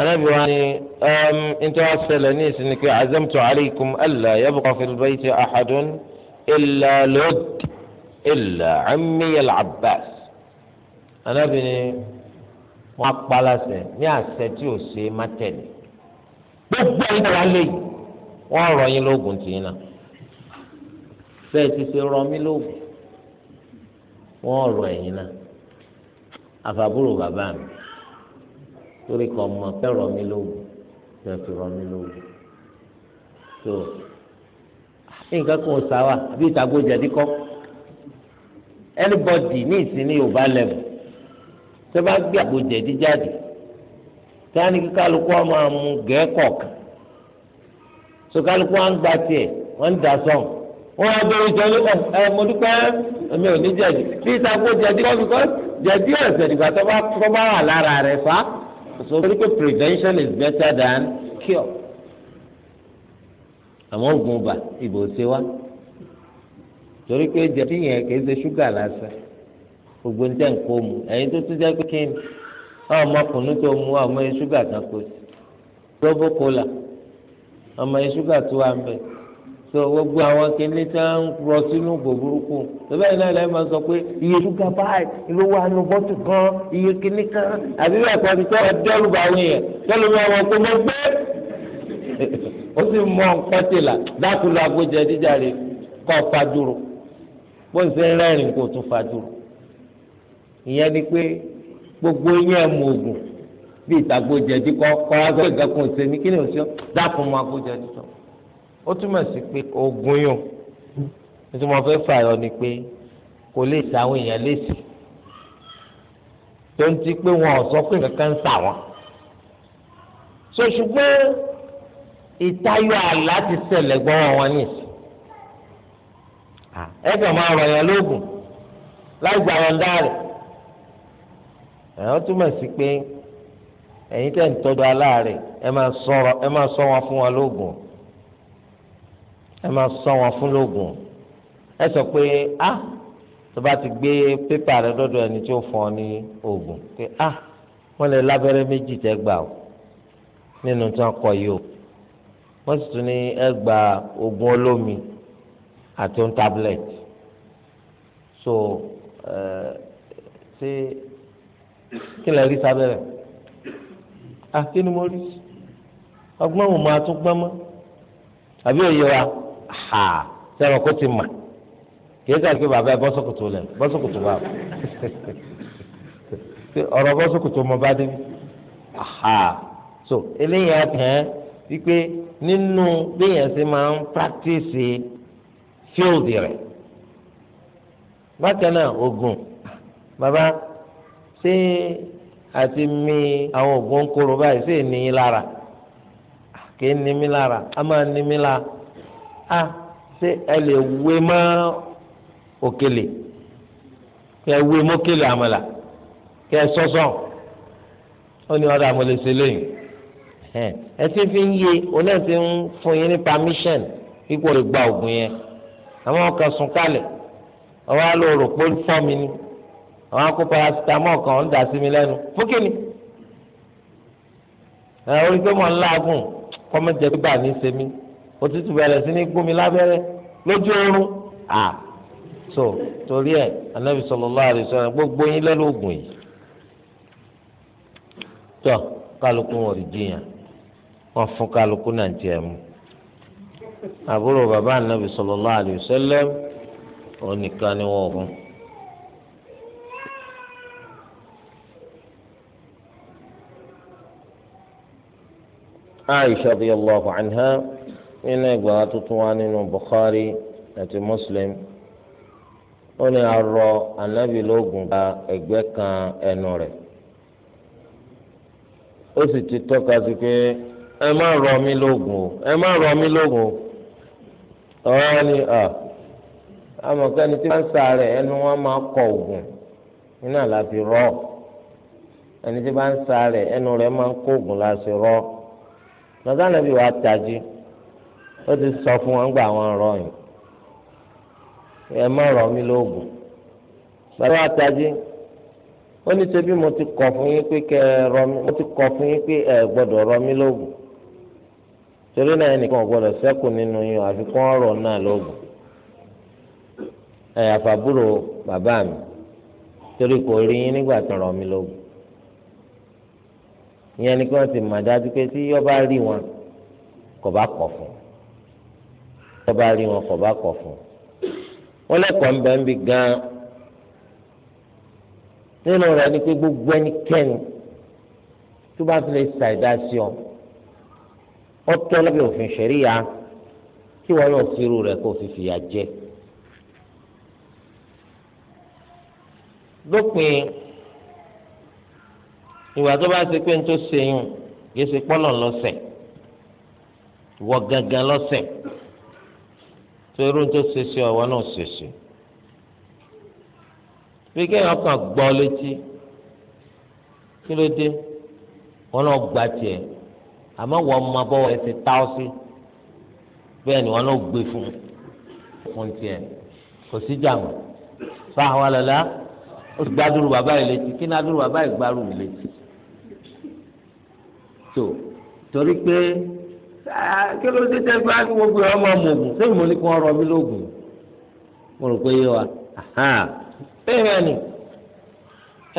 anabi wa ni um, ntọ́ sẹlẹ̀ ní ìsinmi pé azamtu alaykum alla yabqa fil bayti ahadun illa lod illa ammi al-abbas anabi ni wọn akpalasẹ ní àṣẹ tí ò ṣe má tẹ̀lé gbogbo ẹ̀yin náà lè wọn rọ yín lóògùn tì í náà bẹ́ẹ̀ ti ṣe rọ mí lóògùn wọn rọ ẹ̀yin náà mi torí kan mọ̀ pé rọ̀ mí lóògùn tí wọ́n fi rọ̀ mí lóògùn tó nǹkan kan ò sáwà bí ìtàgó jẹ̀dí kọ́ anybody ní ìsinmi yorùbá lẹ́bù tó bá gbé àgbo jẹ̀dí jáde táwọn kí kálukú wọn máa mú gẹ́ẹ́kọ̀ kan tó kálukú wọn gba tiẹ̀ wọ́n ń dà sọ̀n wọ́n á bẹ̀rù jẹ̀dí ọ̀ ẹ̀ mo dúpẹ́ mi ò ní jẹ̀dí bí ìtàgó jẹ̀dí kọ́ bí kọ́ jẹ̀dí tó bá wà lára rẹ̀ fà so torí pé prevention is better than cure àmọ́ oògùn ọba ìbò ṣe wá torí pé jẹ̀bi yẹn kìí ṣe ṣúgà lásán gbogbo níta nǹkan mu ẹ̀yin tó tún jẹ́ pé kí ni ọmọkùnrin tó mu ọmọ yẹn ṣúgà kan kò sí dọ́bọ̀ kọ́là ọmọ yẹn ṣúgà tó wà ń bẹ̀rẹ̀ so gbogbo àwọn kìíní tí wọn ń rọ sínú ògbò burúkú bẹ́ẹ̀ náà lẹ́yìn máa sọ pé iye dúkà báyìí ìlú wa nu bọ́tù kan iye kìíní kan àbí bẹ́ẹ̀ kọ́ ti tọ́ dẹ́rù bá àwọn èèyàn tẹ́lẹ̀ mi àwọn ọkọ mọ gbé ó sì mọ nǹkan ti là dákúlù agbójẹ jíjàre kọ́ fadúró bó ṣe ń rẹ́rìn kó tún fadúró ìyẹn ni pé gbogbo yẹn mọ ògùn bí ìtàgbójẹ jí kọ́ kọ́ agbójẹ kan ò sẹ́mi kí ni ò sí ọ́ dákúlù agbójẹ ó túmọ̀ sí pé ogun yòó nítorí wọn fẹ́ fààyọ ni pé kò lè ta àwọn èèyàn létí tó ń ti pé wọn ò sọ pé kankan ń tà wọn. so ṣùgbọ́n ìtayọ àlá ti ṣẹlẹ̀ gbọ́n wọn nìyí ẹ kàn máa rọ̀ yẹn lóògùn láì gbà wọn dáàrẹ̀ ẹ̀ ọ́ túmọ̀ sí pé ẹ̀yin tẹ̀ ń tọ́jú aláàárẹ̀ ẹ máa sọ wọn fún wọn lóògùn ẹ máa sọ wọn fún lóògùn ẹ sọ pé a ah, tó bá ti gbé pépà rẹ dọ́dọ̀ ẹni tí ó fún ọ ní oògùn pé a ah, wọ́n lè lábẹ́rẹ́ méjì tẹ́ gbà o nínú tí wọ́n kọ yìí o wọ́n sì tún ní ẹ gba oògùn olómi àti ohun tablet so ṣé kí lè rí sábẹ́rẹ́ a ah, kí ni mo rí ọgbọ́n mo máa tún gbọ́n mọ́ àbí òye wa ha sẹ́wọ̀n kó ti mà kìí sọ pé bàbá ẹ bọ́sọ̀kòtò lẹ̀ bọ́sọ̀kòtò wà ọ̀rọ̀ bọ́sọ̀kòtò mọ bá dé ha so eléyìí àtẹ̀ wípé nínú béèyàn ṣe máa ń practice field rẹ̀ bákan náà oògùn bàbá ṣé àti mi àwọn oògùn ń kóró báyìí ṣé ènìyàn lára kì í ní mi lára a máa ní mi lára a ah, ṣé ẹ lè wé mọ́ òkèlè kẹ wé mọ́kèlè àmàlà kẹ sọ́sọ́ ó ní ọ̀dà mo lè ṣe lẹ́yìn ẹ ti fi ń yé onáà ti ń fún yín ní permission kíkó lè gba ògùn yẹn àwọn kan sùn kalẹ̀ ọwọ́ á lọ rò pé fọ́ mi ni àwọn akó paracetamol kan ń dà sí mi lẹ́nu fún kí ni ẹ orí pé mo ń láàgùn kọ́mọ́jẹ́ tó ní í ṣe mí. otutu bẹ̀rẹ̀ sí ní gbómi lábẹ́rẹ́ lójú oorun à so torí ẹ̀ anabi sallallahu alaihi wasallam gbogbo yín lẹ́nu oògùn yìí tọ kálukú wọn rí jiyàn wọn fún kálukú náà tiẹ̀ mu àbúrò bàbá anabi sallallahu alaihi wasallam òun nìkan ni wọn fún. عائشة رضي nínú ẹgbàá tuntun wa nínú Bukhari àti Muslim ó ní arọ anabi lóògùn ka ẹgbẹ́ kan ẹnu rẹ̀ ó sì ti tọ́ka sí pé ẹ má rọ mí lóògùn o ẹ má rọ mí lóògùn o ni à amọ̀kẹ́ni tí wọ́n sa rẹ̀ ẹnu wọn máa kọ ògùn nínú fi rọ ẹni tí wọ́n sa rẹ̀ ẹnu rẹ̀ máa ń kó ògùn láti rọ lọ́sàn ó ti sọ fún wọn gba àwọn rọyìn ẹ má rọ mí lóògùn gbàdúrà tají ó ní ṣebí mo ti kọ̀ fún yín pé kẹ́ ẹ rọ mí mo ti kọ̀ fún yín pé ẹ gbọ́dọ̀ rọ mí lóògùn torí náà ẹnìkan gbọ́dọ̀ ṣẹ́kù nínú yín àfikún ọ̀rọ̀ náà lóògùn ẹ àfàbúrò bàbá mi torí kò rí yín nígbà tó rọ mí lóògùn ìyẹn ni kí wọ́n ti mà dájú pé tí yọba rí wọn kò bá kọ̀ fún un kọba rí wọn kọba kọ fún wọn lẹkọọ ń bẹ ń bi gan nínú rẹ̀ ni pé gbogbo ẹnikẹ́ni tó bá fi lè ṣàìdá sí ọ ọ̀tọ̀ lábẹ́ òfin ṣẹríya kí wọn náà sírú rẹ̀ kó fi fìyà jẹ lópin ìwà tó bá ṣe pé ń tó ṣe yún yìí ṣe pọ́nlọ̀ lọ́sẹ̀ wọ gangan lọ́sẹ̀ torí tó ṣèṣe ọ̀wọ́ náà ṣèṣe bí kéèyàn kàn gbọ́ létí kí ló dé wọn náà gba tiẹ̀ àmọ́ wọn mọ bọ́wọ́ ẹ ti ta ọ sí bẹ́ẹ̀ ni wọn náà gbé fún fún tiẹ̀ kò sí jàmọ̀ fáwọn alọ́lá ó sì gbádùrú bàbá yìí létí kí náà dúró bàbá yìí gbárù létí tó torí pé. kí ló dé tẹ́gbẹ́ á ní gbogbo ẹ̀ ọmọ ọmọ ògùn sẹ́yìn mo ní kí wọ́n rọ lóògùn mo rò pé yé wa bẹ́ẹ̀ náà ni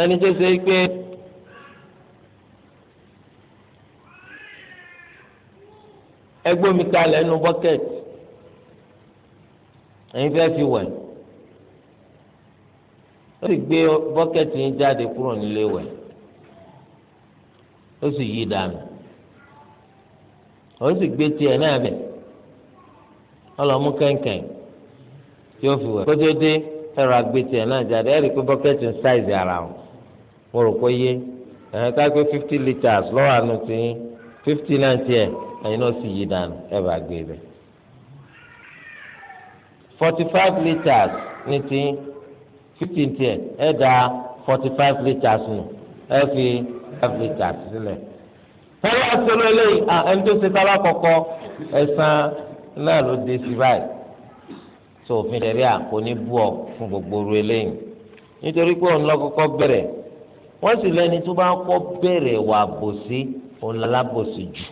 ẹni tó ṣe pé. ẹgbẹ́ omi ẹ̀yin fẹ́ fi wẹ̀ ó sì gbé bucket jáde kúrò nílé wẹ̀ ó sì yí dànù òun sì gbé tiẹ̀ náà bẹ̀ ọlọ́mú kẹ̀kẹ́ tí ó fi wẹ̀ kótó dé ẹ̀rọ agbètì ẹ̀ náà jáde ẹ̀rí pé bọ́kẹ́tì ń sáìzì ara wọn mo rò pé yé ẹ̀hìn ká pé fifty litres lọ́wọ́ àánú ti yín fifty náà tiẹ̀ ẹ̀yin náà sì yí dànù ẹ̀ bá gbé forty five litres ní ti fifty tiẹ̀ ẹ̀ dá forty five litres nù ẹ̀ fi five litres sílẹ̀ wọ́n wá sọ́nà eléyìí à ẹni tó ṣe sábà kọ̀kọ́ ẹ̀sán náà ló dé sí báyìí tó òfin tẹ̀lé àkó ní bú ọ fún gbogbo oru eléyìí nítorí pé òun lọ kọ́kọ́ bẹ̀rẹ̀ wọ́n sì lẹ́ni tó bá kọ́ bẹ̀rẹ̀ wà bòsí òun lálábòsí jù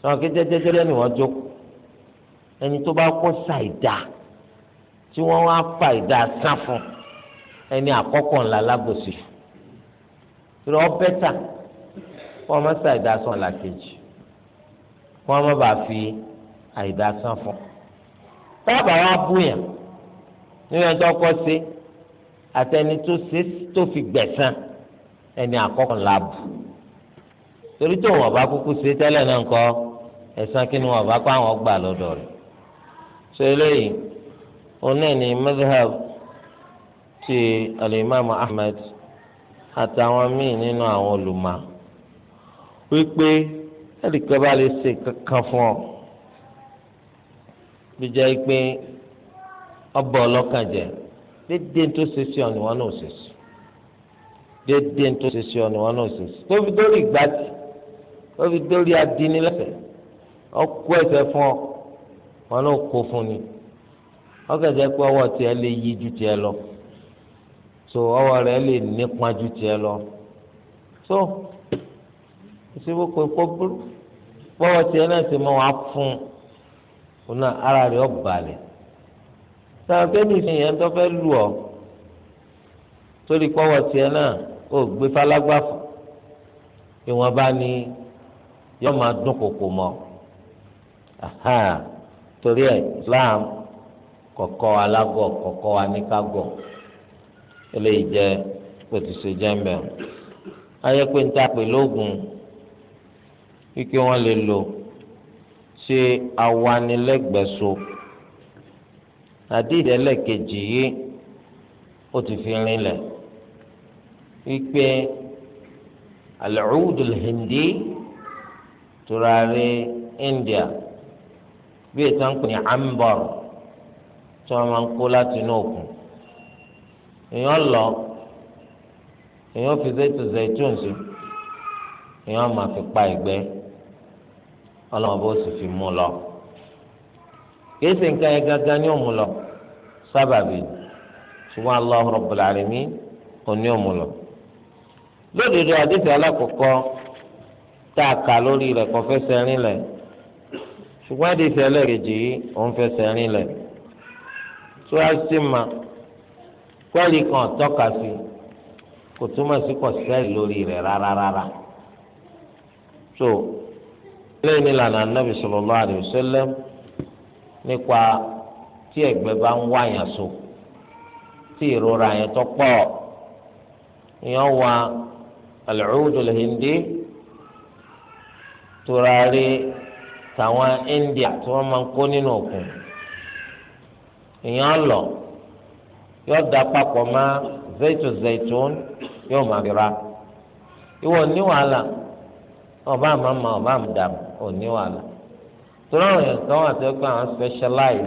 sọ̀rọ̀ kí jẹ́jẹ́jẹ́ lẹ́nu wọ́n jókòó ẹni tó bá kọ́ ṣàìdá tí wọ́n wá fàìdá sán ẹni àkọ́kọ́ ńlá lábòsí jù rẹ ọbẹ tà kọ́ ọmọ sí àìdásán làkejì kọ́ ọmọ bá fi àìdásán fún tábà wa búyàn nínú ẹjọ́ kọ́ sí àtẹni tó ṣe tó fi gbẹ̀sán ẹni àkọ́kọ́ la bù torí tó wọn bá kúkú ṣe tẹ́lẹ̀ náà ńkọ́ ẹ̀san kí ni wọn bá kó àwọn gbà lọ́dọ̀ rẹ̀ ṣe eléyìí oní ẹni madhhab ti alimami Ahmad àtàwọn míì nínú àwọn olùmọ̀ wípé ẹnìkan bá lè ṣe kankan fún ọ bí jẹ́ pé ọba ọlọ́kàn jẹ dédé tó ṣe sí ọ ni wọn náà ṣe sí dédé tó ṣe sí ọ ni wọn náà ṣe sí tó fi dórí ìgbàtí tó fi dórí adínilẹ́sẹ̀ ọkọ ẹsẹ̀ fún ọ wọn náà kó fún ni ọkàn jẹ́ pé ọwọ́ tiẹ̀ lè yí ju tiẹ̀ lọ so ọwọ́ rẹ̀ lè nípa ju tiẹ̀ lọ so ìṣòwò pé kókó bọ́wọ́ tiẹ̀ náà ti mọ wàá fún un náà ara rẹ̀ ọ̀ balẹ̀ sáà kéde ìfihàn tó fẹ́ lù ọ́ torí pọ́wọ́ tiẹ̀ náà ó gbé falágbá fún ìwọ̀nba ni yọ máa dún kòkò mọ́ torí ẹ̀ Islam kọ̀kọ́ alágọ̀ kọ̀kọ́ aníkágọ̀ eléyìí jẹ́ pètùsè jẹ́mbẹ̀ ayé pé ń ta pè lóògùn kíkí wọ́n lè lò ṣe awanilẹ́gbẹ̀ẹ́so àdìdì ẹlẹ́kejì yìí ó ti fi rinlẹ̀ wípé alẹ́wùdù hindi turare India bí ìtàn pè ní ambar tí wọ́n máa ń kó láti inú òkun èèyàn lọ èèyàn fi zẹtù zẹtù sí èèyàn máa fi pa ìgbẹ́ ọlọ́run bó sì fi mú lọ kéésì nǹkan yẹn gángan ni ó mú lọ sábàbí ṣùgbọ́n Allahu Rabbul Alamin òní ó mú lọ lódodo àdéhùn alákọ̀ọ́kọ́ tá a kà lórí rẹ̀ kò fẹsẹ̀ rin lẹ̀ ṣùgbọ́n àdéhùn ẹlẹ́gẹ̀jì yìí òun fẹsẹ̀ rin lẹ̀ tó a sì máa. kwẹ́rì kan tọ́ka sí kò túmọ̀ sí kò sẹ́rì lórí rẹ̀ rárá rárá so lẹ́yìn ìlànà anábì nípa tí ẹ̀gbẹ́ bá ń so tí ìrora yẹn tó pọ̀ èèyàn wa tàwọn india lọ. yóò da papọ̀ mọ́ zaitun zaitun yóò máa fi ra ìwọ ní wàhálà ọba àmà ma ọba àmà dà ò ní wàhálà torí àwọn èèyàn kan wà tó pé àwọn specialize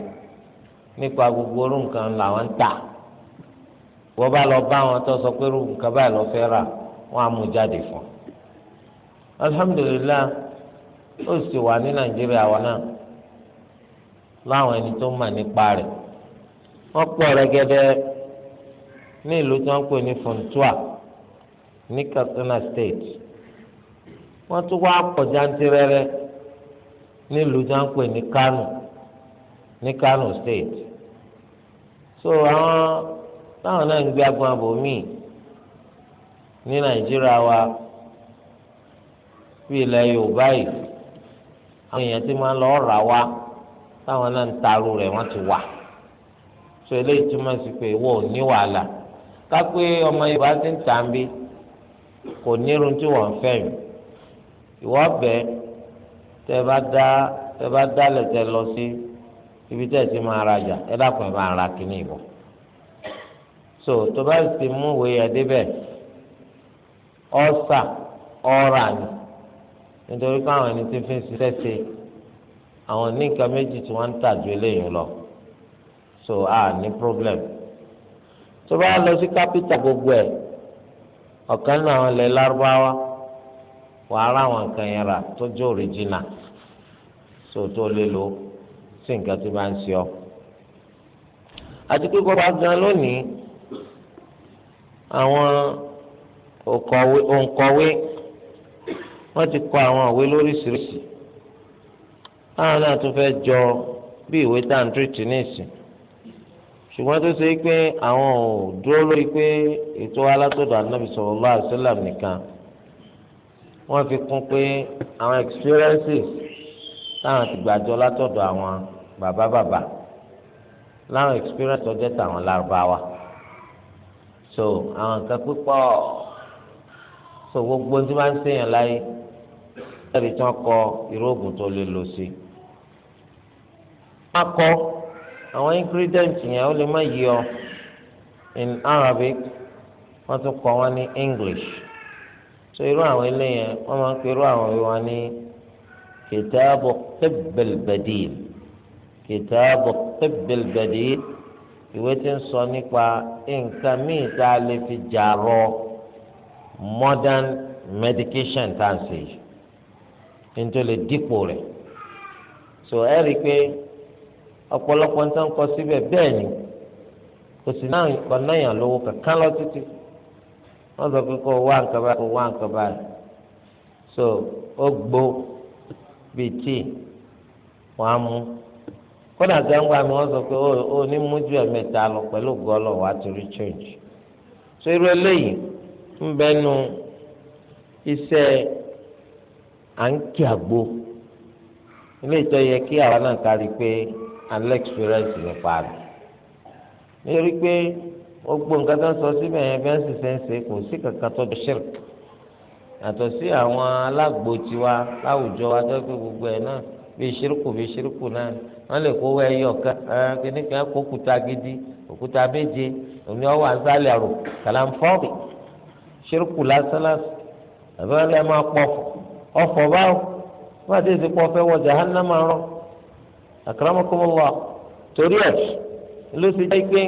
nípa gbogbo orú nǹkan làwọn ń tà wọ́n bá lọ bá wọn tó sọ pé irú nǹkan báyìí lọ fẹ́ rà wọ́n á mú jáde fún un alhamdulilayi ó sì wà ní nàìjíríà wa náà láwọn ẹni tó mà nípa rẹ̀ wọ́n pọ̀ rẹ́gẹ́dẹ́ ní ìlú tí wọ́n ń pè ní Funtua ní Katsina state wọ́n tún wá pọ̀ jantirẹrẹ ní ìlú tí wọ́n pè ní Kano ní Kano state so àwọn táwọn náà ń gbé agbọn abòmíì ní Nàìjíríà wa bí ilẹ̀ Yorùbá yìí àwọn èèyàn ti máa ń lọ rà wá táwọn náà ń taru rẹ̀ wọ́n ti wà so eléyìí túmọ̀ sí pé wọ́n ò ní wàhálà kápé ọmọ yorùbá ti ń tàn bí kò nírun tí wọ́n fẹ́ mi ìwọ bẹ tẹ bá dá tẹ bá dálẹ̀ tẹ lọ sí ibi tẹ ti máa rajà ẹ dákun ẹ máa ra kínní ìwọ so tó bá ti mú ìwé yẹn débẹ̀ ọsà ọrà ni nítorí pé àwọn ẹni tí fi ń ṣiṣẹ́ ṣe àwọn oníkan méjì tí wọ́n ń tà eléyìí lọ so a ní problem tó bá lọ sí kápítà gbogbo ẹ̀ ọ̀kan náà àwọn ilẹ̀ lárúbáwá wàá rà àwọn nǹkan yẹn rà tó jẹ́ òrìjìnà tó tó lé lò sí nǹkan tó bá ń ṣe ọ. àti pé kọ́ba gan lónìí àwọn òǹkọ̀wé wọ́n ti kọ àwọn ìwé lóríṣiríṣi. àwọn náà tún fẹ́ jọ bí ìwé tá à ń tìrìtì ní ìsìn ṣùgbọ́n tó ṣe pé àwọn ò dúró lórí pé ètò alátọ̀dọ̀ anábì sallallahu alaihi wasallam nìkan wọ́n fi kún pé àwọn experiences táwọn ti gbàjọ látọ̀dọ̀ àwọn bàbá bàbá láwọn experience ọjọ́ táwọn lárúbáwá so àwọn nǹkan pípọ̀ so gbogbo tí wọ́n ń ṣèyàn láyé ẹ̀rí tí wọ́n kọ irú oògùn tó lè lò sí. wọ́n á kọ́ àwọn ingredients, yẹn ó lè má yí ọ in Arabic wọ́n tún kọ́ wọn ní English so irú àwọn eléyẹn wọ́n máa ń pe irú àwọn ìwé wọn ní kìtàbù tẹ́bẹ̀l bẹ̀dìl kìtàbù tẹ́bẹ̀l bẹ̀dìl ìwé tí ń sọ nípa nǹkan míì tá a lè fi jàrọ modern medication tá a ń ṣe yìí nítorí dípò rẹ̀ so ẹ rí i pé. Ọpọlọpọ ń tán kọ síbẹ̀ bẹ́ẹ̀ ni kò sì náà ọ̀nà yàn lówó kankan lọ títí wọ́n sọ pé kó wá nǹkan báyìí kó wá nǹkan báyìí so ó gbó bíi tíì wọ́n á mú kódà tí wọ́n sọ pé ó ní so irú eléyìí ń bẹnu à ń kí àwa náà kárí pé. alẹ́ experience nípa rẹ̀ nítorí pé gbogbo nǹkan tó ń sọ síbẹ̀ yẹn fẹ́ ṣiṣẹ́ ń ṣe kò sí kankan tó ṣírk yàtọ̀ sí àwọn alágbo tiwa láwùjọ wa tó pé gbogbo ẹ̀ náà bíi ṣírkù bíi ṣírkù náà wọ́n lè kó ẹyọ kan kíní kan kó kúta gidi òkúta méje òní ọwọ́ ànsálẹ̀ rò kàlàǹfọ́ọ̀kì ṣírkù lásánlásán àbẹ́wọ́n lè máa pọ̀ ọ̀fọ̀ báwo wọ́n àti èsì pọ̀ fẹ́ wọ jahannama rọ̀ akramakumullah torí ẹ̀ ló ti jẹ́ pé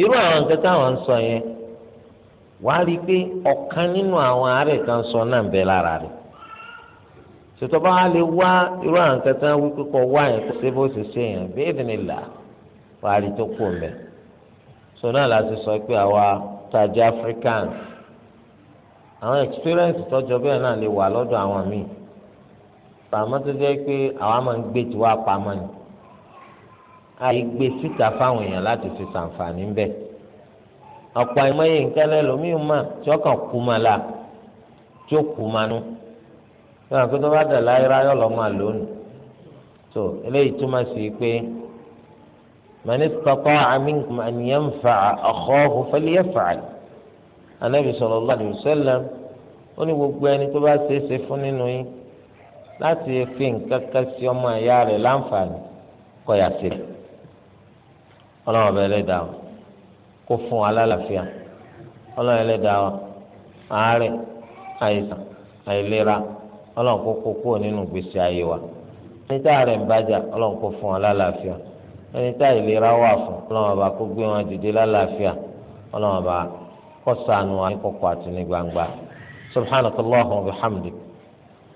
irú àwọn nǹkan táwọn ń sọ yẹn wàá rí i pé ọ̀kan nínú àwọn àárẹ̀ kan sọ náà ń bẹ lára rẹ̀ sọtọba wa lè wá irú àwọn nǹkan tán wípé kọ wá yẹn kó ṣe bó ṣe ṣe yẹn bẹ́ẹ̀ ni là parí tó kù mẹ́ sọ náà láti sọ pé àwa tajà africans àwọn experience tọjọ bẹ́ẹ̀ náà lè wà lọ́dọ̀ àwọn míì pàmò tó jẹ́ pé àwa máa ń gbé tiwa pamọ́ ni àyè gbé síta fáwọn èèyàn láti fi ṣàǹfààní ń bẹ ọ̀pọ̀ àìmọye nǹkan lẹ́lòmíì mà tí ọkàn kú ma la tí ó kú ma nú yóò àti tó bá dà láyéra yóò lọ máa lónìí tó eléyìí túmọ̀ sí pé man istata'a minkum an yanfa'a akhahu falyaf'al anabi sallallahu alaihi wasallam ó ní gbogbo ẹni tó bá ṣeé ṣe fún nínú yín. láti fi nǹkan kan sí ọmọ ìyá rẹ̀ láǹfààní sí ọba kó fún àárẹ̀ àìsàn àìlera ọlọ́run kó kó kúrò nínú gbèsè ayé wa ẹni tá ń ọlọ́run kó fún ẹni tá wà fún ọlọ́run ọba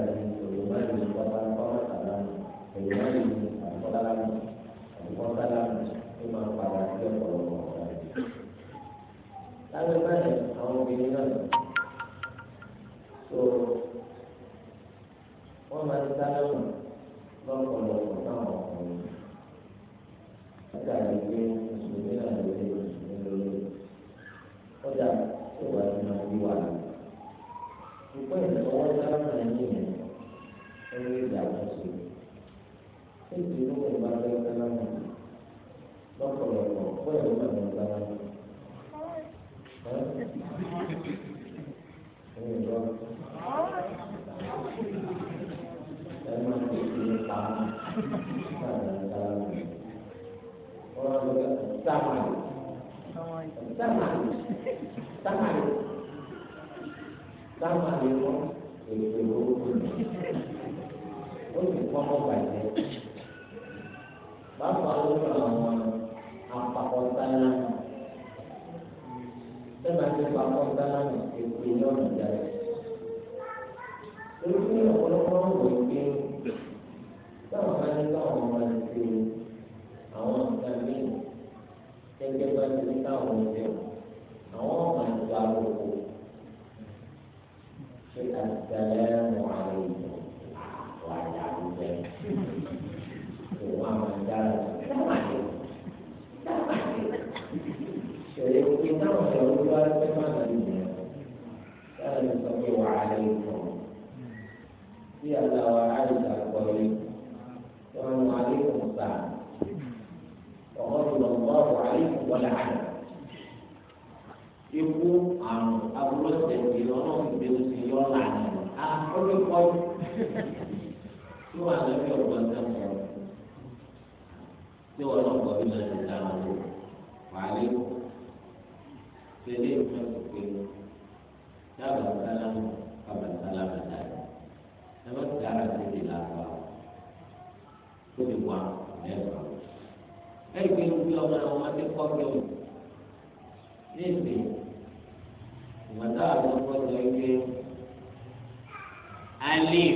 وما يصدق níbi ìgbàdá àwọn ọgbọ́dọ̀ ẹgbẹ́ alẹ́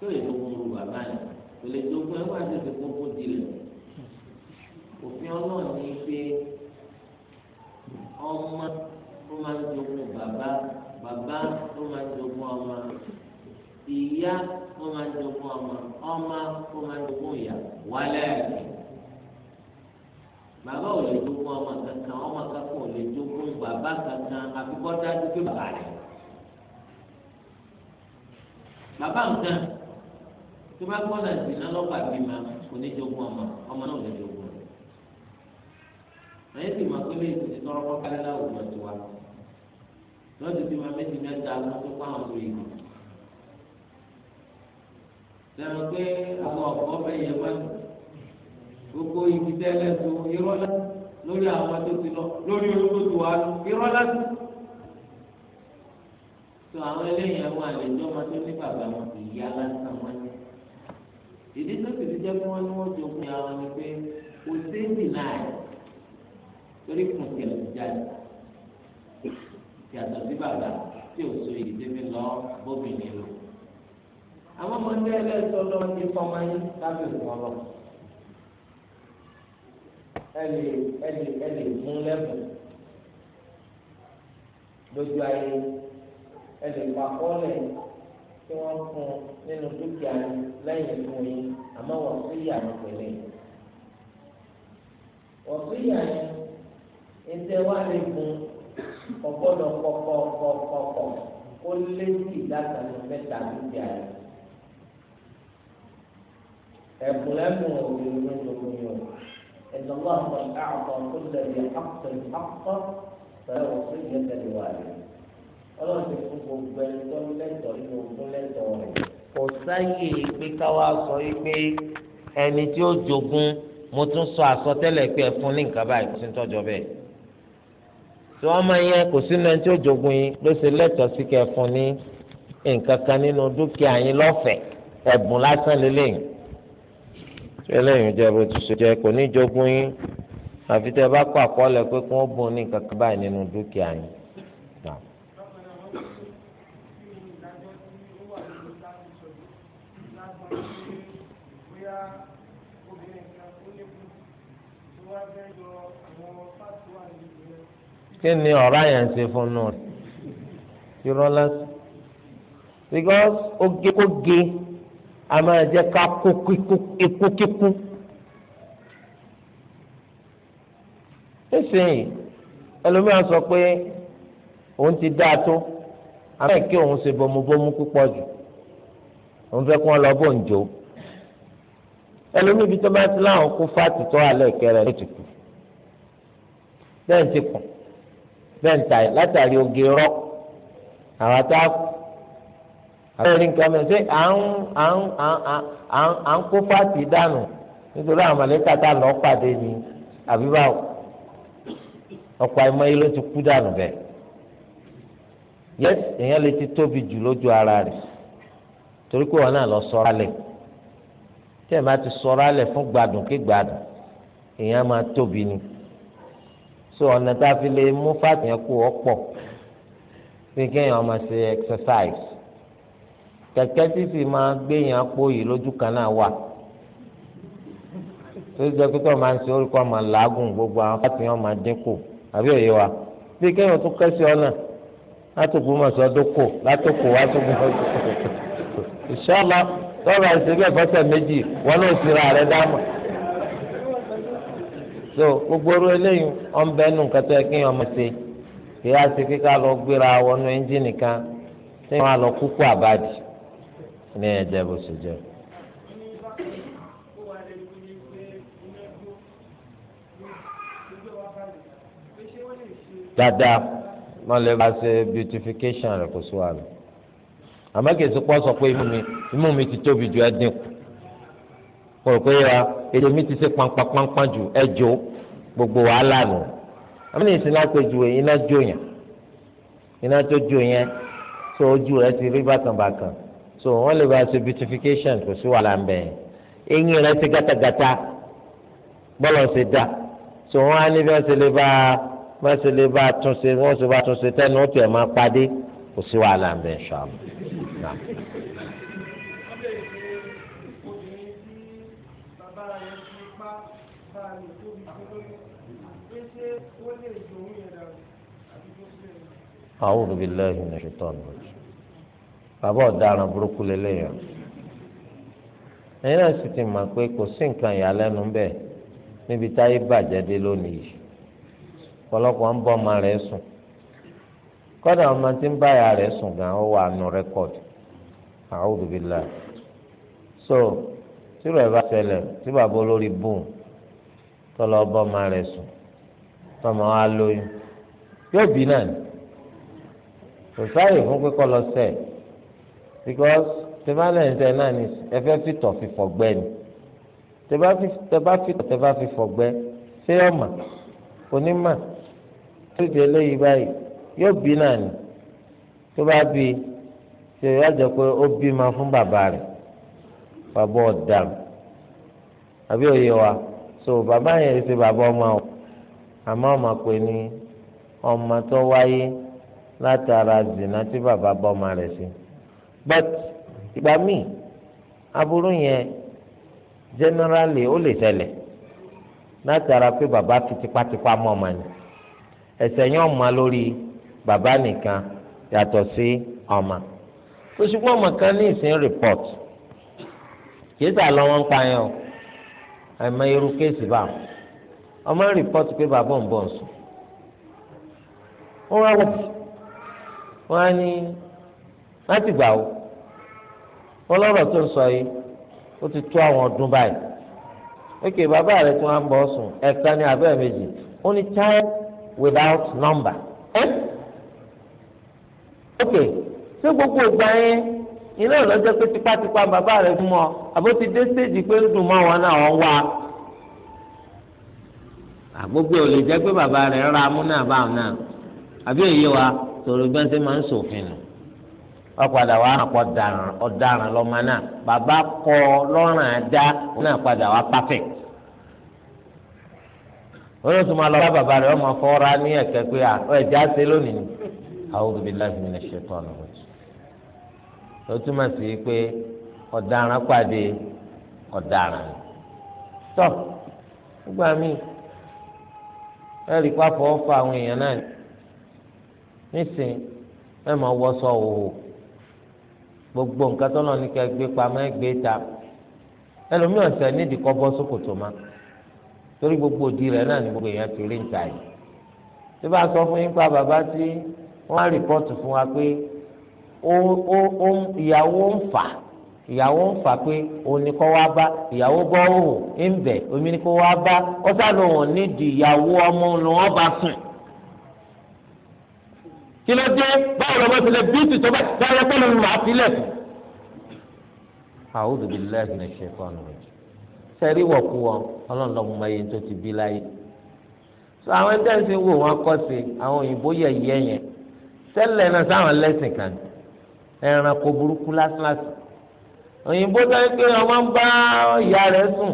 tí ó lè dógún ru bàbá yẹn kò lè dógún ẹwà tètè kókó dilẹ̀ òfin ọlọ́run ní pé ọmọ ló máa ń jogún bàbá bàbá ló máa ń jogún ọmọ ìyá ló máa ń jogún ọmọ ọmọ ló máa ń jogún ìyá wálẹ̀ bàbá ò lè jogún ọmọ kankan ọmọ kankan ò lè jogún bàbá kankan àfikọ́ dájú pé bàbá rẹ̀ bàbá nǹkan tó bá gbọ́dọ̀ ìdènà lọ́pàá bí ma kò ní jogún ọmọ ọmọ náà ò ní jogún rẹ̀. àyè sì máa pélé ìtòsí tọrọ kọ́kálẹ́ láwùjọ ti wá lọ́dún tí ma méjì mẹ́ta ló tó pa àwọn orí ìlú. lẹ́nu pé àwọn ọ̀pọ̀ fẹ́ yẹ wá gbogbo ibi tẹ́lẹ̀ tó irọ́ lẹ́nu lórí àwọn tó ti lọ lórí olóko tó wà lọ irọ́ lẹ́nu tó àwọn eléyìí àwọn àlejò ọmọ tó ní bàbá wọn kì í yá lásán wọn ní ìdí tó sì ti jẹ́ kí wọ́n ní wọ́n ti òkun ara ni pé kò séńdì náà torí kùn kìlì jáde yàtọ̀ sí bàbá tí ò so èyí tẹ́mi lọ bóbìnrin lọ. àwọn ọmọdé ẹlẹ́sọ lọ ní fọmáyé lábẹ́ òkun lọ. ẹlẹ ẹlẹ ẹlẹ fún lẹ́bùn lójú ayé ẹlẹ pàkọ́lẹ̀ tí wọ́n fún nínú dúkìá lẹ́yìn fún yín àmọ́ wọ́n sí ìyàwó pẹ̀lẹ́ wọ́n sí ìyàwó ẹ̀ńtẹ́ wà lè fún ọgbọ́dọ̀ kọ̀kọ̀kọ̀kọ̀ ó lé sí ìdákanú mẹ́ta dúkìá yìí ẹ̀bùn lẹ́bùn òbí olóńgbò yìí o ẹ̀dọ́gbọ́n àpọ̀ àpọ̀ kó lè yẹ àpọ̀ àpọ̀ fẹ́ẹ́ wọ́n sí ìyẹ́tẹ̀lẹ́wà yìí ọlọ́run ti fún gbogbo ẹni tó ń lẹ́tọ̀ọ́ nínú ogún lẹ́tọ̀ọ́ rẹ̀. kò sáyè pé káwá sọ wípé ẹni tí ó jogún mo tún sọ àsọtẹ́lẹ̀ pé ẹ fún ní nǹkan báyìí kò sí tọ́jọ́ bẹ́ẹ̀. tí wọ́n máa yẹn kò sínú ẹni tí ó jogún yín ló ṣe lẹ́tọ̀ọ́ sí kẹ́ fún ní nǹkan kan nínú dúkìá yín lọ́fẹ̀ẹ́ ẹ̀bùn lásán lélẹ́yìn. tí ẹlẹ́yìn bó ti ṣe jẹ́ kò ní jogún yín àfi tẹ́ bá kọ́ àkọọ́lẹ̀ pé kí wọ́n bùn ní nǹkan kan báyìí nínú dúkìá yín. kí ni ọ̀rá yẹn ń ṣe fún nù rẹ̀ irọ́ lásán because oge kó ge a máa jẹ́ ká kó kíkú nísìnyí ẹlòmíràn sọ pé òun ti dáa tó àmọ́ kí òun ṣe bomubomu púpọ̀ jù òun fẹ́ kí wọ́n lọ bò ń jó ẹlòmíràn ibi tó bá ti láwọn kó fáàtì tó wà lẹ́ẹ̀kẹ́ rẹ̀ kù lẹ́yìn kù bẹ́ẹ̀ níta látàrí oge rọ́ àwọn tá a kú àbẹ̀rẹ̀ nǹkan mẹ́rin ṣé à ń à ń à ń à ń kó fáàtì dànù nítorí àwọn mọ̀lẹ́ka tá a lọ pàdé ni àbí báwo ọ̀pọ̀ àìmọye ló ti kú dànù bẹ́ẹ̀ yẹ́sì èèyàn lè ti tóbi jù lójú ara rẹ̀ torí pé wọn náà lọ sọ́ra lẹ̀ tí ẹ̀ máa ti sọ́ra lẹ̀ fún gbádùn kí gbádùn èèyàn máa tóbi ni so ọ̀nà tá a fi lè mú fáàtì yẹn kú ọ pọ̀ fi kéèyàn máa ṣe exercise kẹ̀kẹ́ títì máa gbé yẹn apó yìí lójú kan náà wà tó jẹ́ pé tó máa ń ṣe orúkọ máa làágùn gbogbo àwọn fáàtì yẹn máa dínkù àbí òye wa fi kéèyàn tún kẹ́sì ọ̀nà látòkù mọ̀ sí ọdọ́kò látòkò wá tó gbọ́ ìṣọ́lá tọ́lá ìṣẹ́gbẹ́ fọ́sẹ̀ méjì wọn náà sì ra rẹ̀ dáhùn so gbogbo orú eléyìí ọ̀n bẹ́ẹ̀ nù nǹkan tó yẹ kí ọmọ ṣe kí á ṣe kíkà lọ gbéra wọnú ẹ́ńjìnì kan tí wọ́n á lọ kúkú àbáàdì ní ẹ̀jẹ̀ bó ṣe jẹ́. dáadáa wọn lè bá ṣe beautification rẹ kó sùn àná àmọ́ kìí sọ pé ọ̀sọ̀ pé imú mi imú mi ti tóbi ju ẹ́ dínkù mo rò pé wa ètò mi ti ṣe pampapampa jù ẹ jó gbogbo wàhálà nù àmì ìsìn lápẹjù iná jó yẹn iná tó jó yẹn so ojú rẹ ti rí bákànbákàn so wọn lè bá ṣe beautification kò sí wàhálà ń bẹ yẹn eyín rẹ ti gátagàta bọ́lọ̀ ṣe dá so wọn á ní bí wọ́n ṣe lè bá wọ́n ṣe lè bá túnṣe wọ́n ṣe bá túnṣe tẹ́nu ó tiẹ̀ máa padé kò sí wàhálà ń ṣáà. أعوذ بالله من الشيطان الرجيم bàbá ọ̀daràn burúkú lélẹ́yìn ẹ̀yin náà sì ti mọ̀ pé kò sí nǹkan ìyàlẹ́nu bẹ́ẹ̀ níbi táyé bàjẹ́ dé lónìí ọ̀pọ̀lọpọ̀ ń bọ́ ọmọ rẹ̀ sùn kọ́dà ọmọ tí ń bá ìyá rẹ̀ sùn gan ó wà nù rẹ́kọ̀dì A'udhu billahi so tírò ẹ̀ bá ṣẹlẹ̀ tí bàbá olórí bùn tọ́lọ́ ọba ọmọ rẹ̀ sùn tọmọ wa lóyún yóò bí náà ni kò sáàyè fún pípọ́ lọ sẹ̀ because tẹ́bálẹ̀ ń tẹ náà ni ẹ fẹ́ fìtọ̀ fi fọ̀gbẹ́ ni tẹ́bá fìtọ̀ tẹ́bá fi fọ̀gbẹ́ ṣé ọ̀mà onímà tó di eléyìí báyìí yóò bí náà ni tó bá bí ṣe yóò jẹ pé ó bímọ fún bàbá rẹ̀ bàbá ọ̀daràn àbí òye wa so bàbá yẹn ṣe bàbá ọmọ àmọ́ ọmọ pè ní ọmọ tó wáyé látara zina tí bàbá bá ọmọ rẹ̀ sí but ìgbà míì aburú yẹn generally ó lè ṣẹlẹ̀ látara pé bàbá fi tipátipá mọ́ ọmọ ni ẹ̀ṣẹ̀ yẹn ọmọ lórí bàbá nìkan yàtọ̀ sí ọmọ oṣùgbọ́n ọmọ kan ní ìsìn report kìí sà lọ wọn pa yẹn o àmọ́ irú kéèsì bá ọmọ report pé bàbá òun bọ̀ sùn ó wá wọ́pọ̀ wọ́n á ní láti gbà ó wọ́n lọ́rọ̀ tó ń sọ yìí ó ti tó àwọn ọdún báyìí ókè bàbá rẹ̀ tí wọ́n á ń bọ̀ sùn ẹ̀ka ní abẹ́ méjì ó ní child without number ẹ́ ókè ṣé gbogbo ìgbà yẹn iná ìlọ́jọ́ pé tipátipá bàbá rẹ̀ fún ọ àbó ti dé stéèjì pé ń dùn mọ́ àwọn náà wọ́n wá àgbógbé ò lè jẹ́ pé bàbá rẹ̀ rà mú náà báwọn náà àbí èyí wa. torí bẹ́ẹ̀ ṣe máa ń ṣòfin nù ọ̀padà wa àpọ̀ ọ̀daràn lọ́mọ náà bàbá kọ lọ́rùn àdá náà padà wá perfect wọ́n tún máa lọ bá bàbá rẹ̀ ọmọ fọ́ra ní ẹ̀kẹ́ pé ẹ̀já ṣe lónìí ó túmọ̀ sí pé ọ̀daràn pàdé ọ̀daràn tọ́ ẹ̀rí nísìn ẹ máa wọṣọ òwò gbogbo nǹkan tó náà ní kí ẹ gbé pamọ́ ẹ gbé ta ẹlòmíì ọ̀sẹ̀ nídìí kọ́ bọ́ sókòtò ma torí gbogbo òdi rẹ̀ náà ni gbogbo èèyàn ti rí níta yìí tó bá sọ fún yín pa bàbá tí wọ́n á rìpọ́ọ̀tù fún wa pé ìyàwó ń fà ìyàwó ń fà pé òun ni kọ́ wá bá ìyàwó bọ́ òhùn ń bẹ̀ omi ni kọ́ wá bá ọ́sà lòun nídìí ìyàwó ọmọ lòun ọba sùn. kí ló dé báwo lọ́wọ́ ti lẹ bíútì tó bá bá yẹ kó ló ń máa filẹ̀. a'udhu billahi minash shaitani rajim sẹ́rí wọ̀kú wọn ọlọ́run lọ́mọ ayé tó ti bí láyé. sọ àwọn ẹgbẹ́ ń sin wo wọn kọ́ sí àwọn òyìnbó yẹ̀yẹ́ yẹn tẹ́lẹ̀ náà sáwọn lẹ́sìn kan ẹranko burúkú lásìlásì òyìnbó sáré pé ọmọ ń bá ìyá rẹ̀ sùn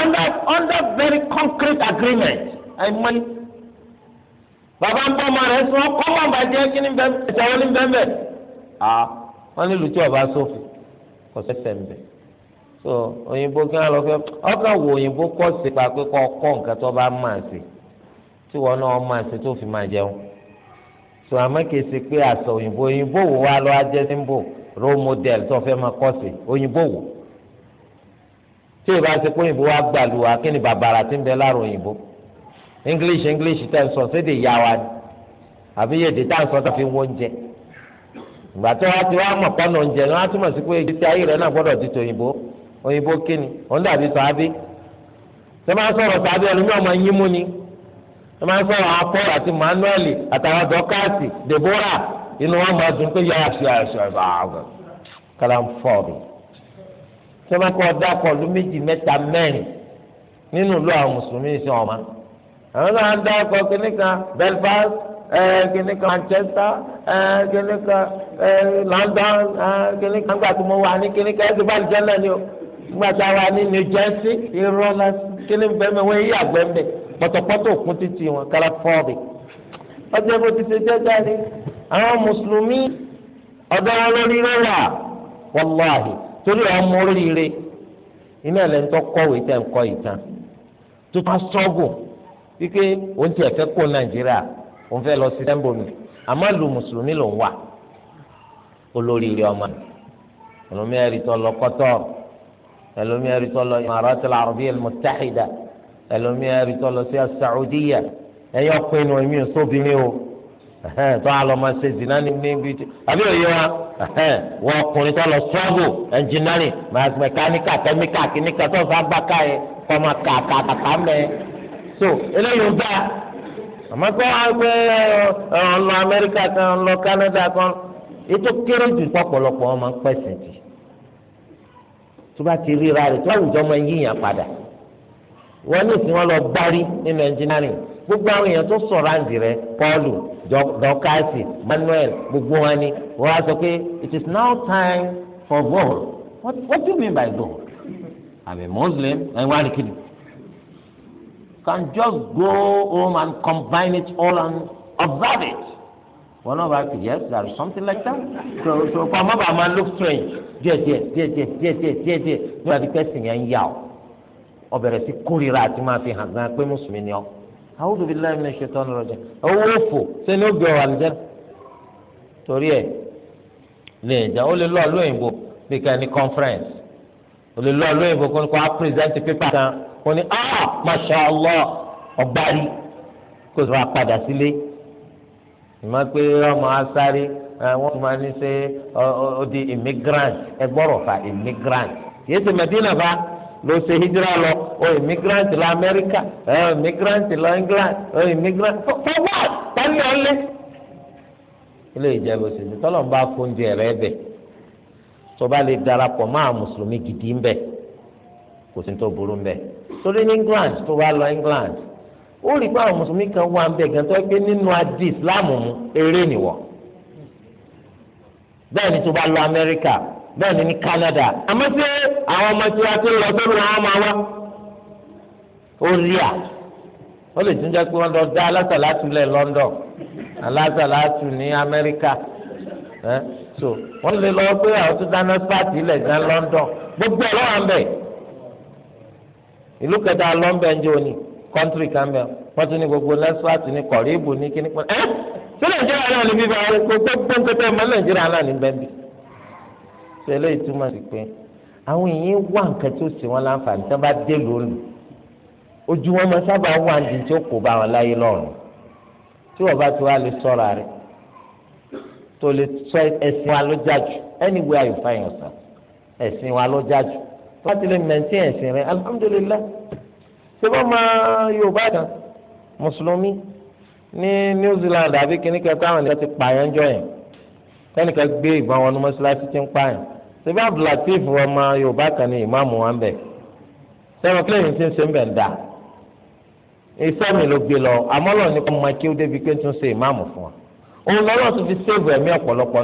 under under very concrete agreement àìmọ́ni bàbá ń bọ́ ọmọ rẹ̀ sọ kọ́ mọ̀ bàjẹ́ kí ni bẹ́ẹ̀ ìtàwọn ní bẹ́ẹ̀ bẹ́ẹ̀ à wọ́n ní lùtí ọba sófin kò sẹ́sẹ̀ ń bẹ̀ so òyìnbó kí wọ́n lọ fẹ́ ọkàn wo òyìnbó kọ́ sí pa pé kọ́ kọ́ nǹkan tó bá máa ṣe tí wọ́n náà máa ṣe tó fi máa jẹun so àmọ́ kìí ṣe pé àṣà òyìnbó òyìnbó wo wá lọ́wọ́ ajẹ́ símbò role model tó fẹ́ máa kọ́ sí òyìnbó wo tí ìbá òyìnbó wá gbàlùwà kí ni bàbàrà ti ń bẹ láàrọ̀ òyìnbó english english tẹ̀ ń sọ sédè yà wá ni àbí èdè tá à ń sọ tó fi ń wọ oúnjẹ ìgbà tó wá ti wá mọ̀ pọ́nà oúnjẹ ni wọ́n á túmọ̀ sí pé èdè tí ayé rẹ̀ náà gbọ́dọ̀ di tòyìnbó òyìnbó kíni òun dàbí sàábí tó máa ń sọ̀rọ̀ sàábí ẹlòmíì ọmọ yín mú ni tó máa ń sọ̀rọ̀ akọ́ àti manuel àtàwọn dọ́kàtì deborah inú wọn máa dùn pé yàrá ṣe àṣọ ìbáwọ̀ kàlàǹfọ̀rì tó máa kọ́ dákọ̀ ọdún méjì mẹ́ta mẹ́rin nínú ìlú àwọn mùsùlùmí sí ọmọ àwọn náà ń dá kínní kan Belfast kínní Manchester kínní kan London kínní kan gbàtí mo wà ní kínní kan náà ni o gbàtí a wà ní New Jersey irọ́ la kínní bẹ́ẹ̀ mi yí àgbẹ̀ ń bẹ̀ òkun títì wọn kálá fọ́ọ̀bì ọjọ́ bó ti ṣe jẹ́jà ni àwọn mùsùlùmí ọ̀dọ́ wọn lórí torí àwọn wípé òun tiẹ̀ fẹ́ kó nàìjíríà òun fẹ́ lọ sí sẹ́ńbọ̀mì àmọ́ lu mùsùlùmí lòún wà olórí rẹ ọmọ ẹlòmí ẹ̀rí tó lọ kọ́tọ́ ẹlòmí ẹ̀rí tó lọ Imarat al-Arabiya al-Muttahida ẹlòmí ẹ̀rí lọ sí Saudiya ẹ̀yọ́ pinnu ẹ̀mí sóbìnrin o tó a máa ṣe zina níbi tí àbí òye wa wọ ọkùnrin tó lọ sọ́ọ̀bù ẹnjìnírìn mẹkáníkà kẹ́míkà kìnìkà tó fà gbàkà yẹ kọ́ máa kà kà kà mẹ́ẹ́ so eléyìí gbà àmọ́ pé ọgbẹ́ ọ̀nà amẹ́ríkà kan lọ kánádà kan ètò kéré jù pọ̀pọ̀lọpọ̀ wọn máa ń pẹ̀sìn jù tó bá ti ríra rẹ̀ tó àwùjọ máa ń yíyàn padà wọ́n ní ìsìn wọn lọ gbárí nínú ẹnjìnírìn gbogbo àwọn èèyàn tó sọ̀rọ̀ àǹdí rẹ̀ pọ́ọ̀lù dọ́kásì manuel gbogbo wọn ni wọ́n á sọ pé it is now time for war. what, what do you mean by war? I am a muslim ẹ̀ wá ní kíni can just go home and combine it all and observe it One of bá yes there is something like that so so kọ́ ọmọ bàá máa look strange Yes, yes, yes, yes, yes, yes, yes. díẹ̀ nígbà tí kẹ́sìn yẹn ń yà ọ́ ọ bẹ̀rẹ̀ sí kórìíra àti máa fi hàn gan pé mùsùlùmí ni ọ́ a'udhu billahi minash shaitani rajim owó òfò sẹ́ni ó gbé ọ àlùjẹ́ torí ẹ̀ lè jẹ́ ó lè lọ́ọ́ lóyìnbó bí ká ní conference ó lè lọ́ọ́ lóyìnbó kó ní kó á present paper kan. wọ́n ní ah masha allah ọ̀gbárí kó sọ apàdà sílé ìmọ̀ pé ọmọ asáré tún máa ní ṣe immigrant ẹgbọ́rọ̀ fa immigrant yéé ṣe fa ló ṣe hijira lọ immigrant lọ amẹ́ríkà immigrant england ọ immigrant fọwọ́ tani ilé ìjẹ́bù tọ́lọ̀ ń bá fóúnjẹ rẹ bẹ̀ lè darapọ̀ máa gidi ń bẹ̀ kò sí torí ní England tó bá lọ England ó rí pé àwọn mùsùlùmí kan wà ń bẹ gan tó pé nínú adi Islam mu eré nìwọ bẹ́ẹ̀ ni tó bá lọ Amẹ́ríkà bẹ́ẹ̀ ni ní Canada àmọ́ sí àwọn ọmọ tí wàá tó lọ tó lọ àwọn ọmọ wa ó rí à ó lè tún jẹ́ pé wọ́n lọ dá alásàlátù lẹ̀ London alásàlátù ní Amẹ́ríkà ẹ́ so wọ́n lè lọ pé àwọn tó dáná pàtì lẹ̀ gan London gbogbo ẹ̀ lọ́wọ́ à ń bẹ̀ ìlú kẹta lọ́nbẹ̀njọ́ ni kọ́ńtírì kan bẹ̀ wọ́n tún ní gbogbo lẹ́sùwàtì ní kọ̀ríbù ní kíní pẹ́ ẹ́ sí nàìjíríà náà ní bíbá gbogbo gbẹ́ńkẹ́tẹ́ ọmọ nàìjíríà náà ní bẹ́ẹ̀ bí. sọ eléyìí túmọ̀ sí pé àwọn èèyàn wà nǹkan tó sì wọn láǹfààní tí wọn bá dé lónìí ojú wọn máa sábà wà ní tí ó kó bá wọn láyé lọ́rùn tí wọn bá ti wá lè sọ́ra rẹ̀ tó lè sọ ẹ̀sìn wa ló jájú anywhere you find yourself ẹ̀sìn wa ló jájú láti lè maintain ẹ̀sìn rẹ̀ alhamdulilayi ṣé wọ́n máa yorùbá kan mùsùlùmí ní New Zealand àbí kíní kẹta àwọn ènìyàn ti pààyàn jọ yẹn tẹnìkan gbé ìbọn wọn ní mọ́ṣáláṣí ti ń pààyàn ṣé bá Abdulateef wọn máa yorùbá kan ní ìmáàmù wọn bẹ̀ sẹ́wọ̀n kílẹ̀mì ti ń ṣe ń bẹ̀ ń dà iṣẹ́ mi ló gbé lọ àmọ́ lọ́ọ̀ ní kó máa kí ó débi pé tún ṣe ìmáàmù fún wa òun lọ́wọ́ tún fi ṣéèbù ẹ̀mí ọ̀pọ̀lọpọ̀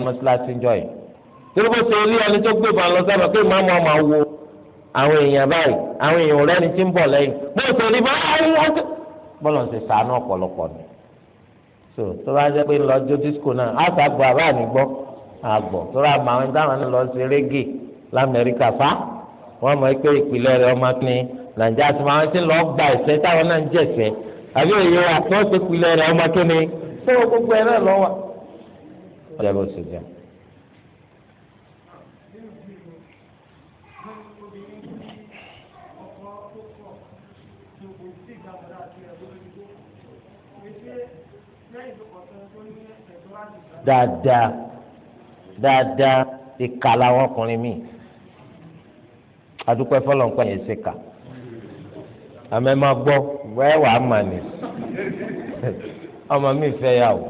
ní àwọn èèyàn báyìí àwọn èèyàn lẹ́ni tí ń bọ̀ lẹ́yìn bó ṣe rí báyìí bọ́lọ̀ ń ṣe sànú ọ̀pọ̀lọpọ̀ ni so tó bá jẹ́ pé lọ́jọ́ disco náà á sá gbọ́ àbá mi gbọ́ àgbọ̀ tó rà mọ àwọn táwọn náà lọ sí reggae lamẹ́ríkà fa wọ́n mọ̀ pé ìpìlẹ̀ rẹ̀ ọmọ kìnnì nàìjíríà ti máa ń ti lọ́ọ́ gba ẹ̀sẹ̀ táwọn náà ń jẹ̀sẹ̀ àbí òye àtúnṣe ìpìlẹ̀ rẹ̀ ọmọ kìnnì tó gbogbo ẹ̀ lọ́wọ́. dáadáa dáadáa ìka làwọn ọkùnrin míì adúpẹ́ fọlọ́npẹ́ yẹn ṣe kà àmọ́ ẹ máa gbọ́ wẹ́ẹ́ wàá mà ní ọmọ mi fẹ́ yà wò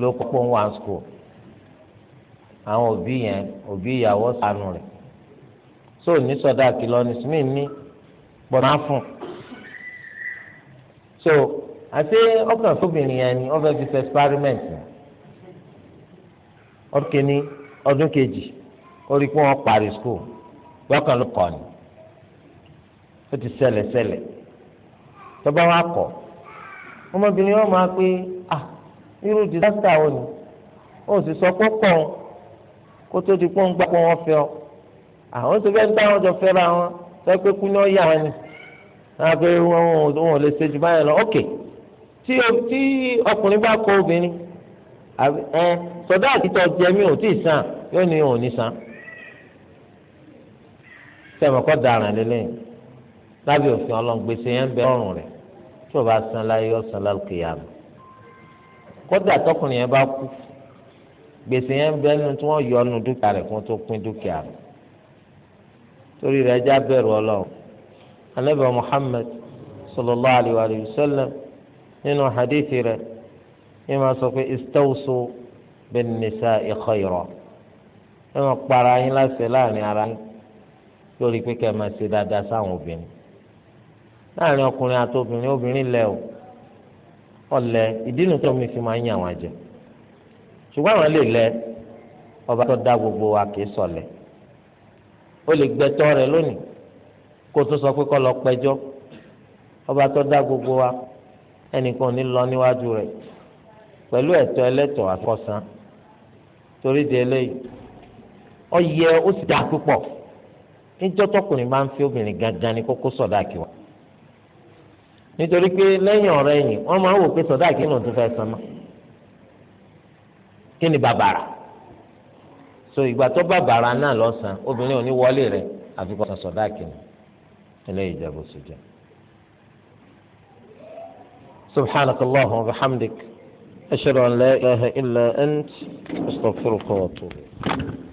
ló kọ́kọ́ ń wá school àwọn òbí yẹn òbí ìyàwó sànù rẹ̀ so ní sọdá kìlọ ní smith ní gbọ́dọ̀ máa fún so àti ọkàn tóbìnrin yẹn ni wọ́n fẹ́ fi ṣe experiment yẹn ọdún kìíní ọdún kejì ó rí i pé wọ́n parí skul lọ́kàn ló kọ́ ni ó ti ṣẹlẹ̀ ṣẹlẹ̀ tó bá wa kọ̀ ọmọbìnrin wọn máa pé ah irú dísítà wo ni ó sì sọ pọ́pọ́ kó tó di pọ́n gbà pé wọ́n fẹ́ ọ àwọn tó fẹ́ẹ́ dáwọn jọ fẹ́ra wọn fẹ́ pé kú ní ọ̀yà wọn ni wọn á pé wọn ò lè ṣe jù báyìí lọ ok tí ọkùnrin bá kọ obìnrin. ẹ sọdọ àtìtọ jẹmí ò tí ì san yóò ní òun ní san sẹmọ kọ daràn lélẹyìn lábẹ́ òfin ọlọmgbèsè yẹn bẹ ọrùn rẹ̀ tí o bá san láyé ọsàn lálùkìyà mi kódà tọkùnrin yẹn bá kú gbèsè yẹn bẹ tí yọ ọnu dúkìá tó pín dúkìá torí ẹ máa sọ pé istawusu bin nisa'i khayra ẹ máa para yín láṣẹ láàrin ara yín lórí pé kẹ́ ẹ máa ṣe dáadáa sáwọn obìnrin láàrin ọkùnrin àti obìnrin obìnrin lẹ o ọlẹ ìdínú tó mi fi máa ń yàn wọn jẹ ṣùgbọ́n àwọn lè lẹ ọba tó dá gbogbo wa kì í sọlẹ ó lè gbẹtọ́ rẹ lónìí kó tó sọ pé kó lọ pẹjọ́ ọba tó dá gbogbo wa ẹnìkan ò ní lọ níwájú rẹ̀ pẹ̀lú ẹ̀tọ́ ẹlẹ́tọ̀ àfọ̀sán torí di eléyìí ọyẹ ó sì dáa púpọ̀ níjọ́ tọkùnrin máa ń fi obìnrin gangan ni kókó sọ̀dáàkì wa nítorí pé lẹ́yìn ọ̀rọ̀ ẹ̀yìn wọ́n máa ń wò pé sọ̀dáàkì náà tó fẹ́ san mọ́ kí ni bàbàrà so ìgbà tó bàbàrà náà lọ́sàn obìnrin ò ní wọlé rẹ̀ àfi kó sọ̀dáàkì ni eléyìí jẹ́ bó أشهد أن لا إله إلا أنت أستغفرك وأتوب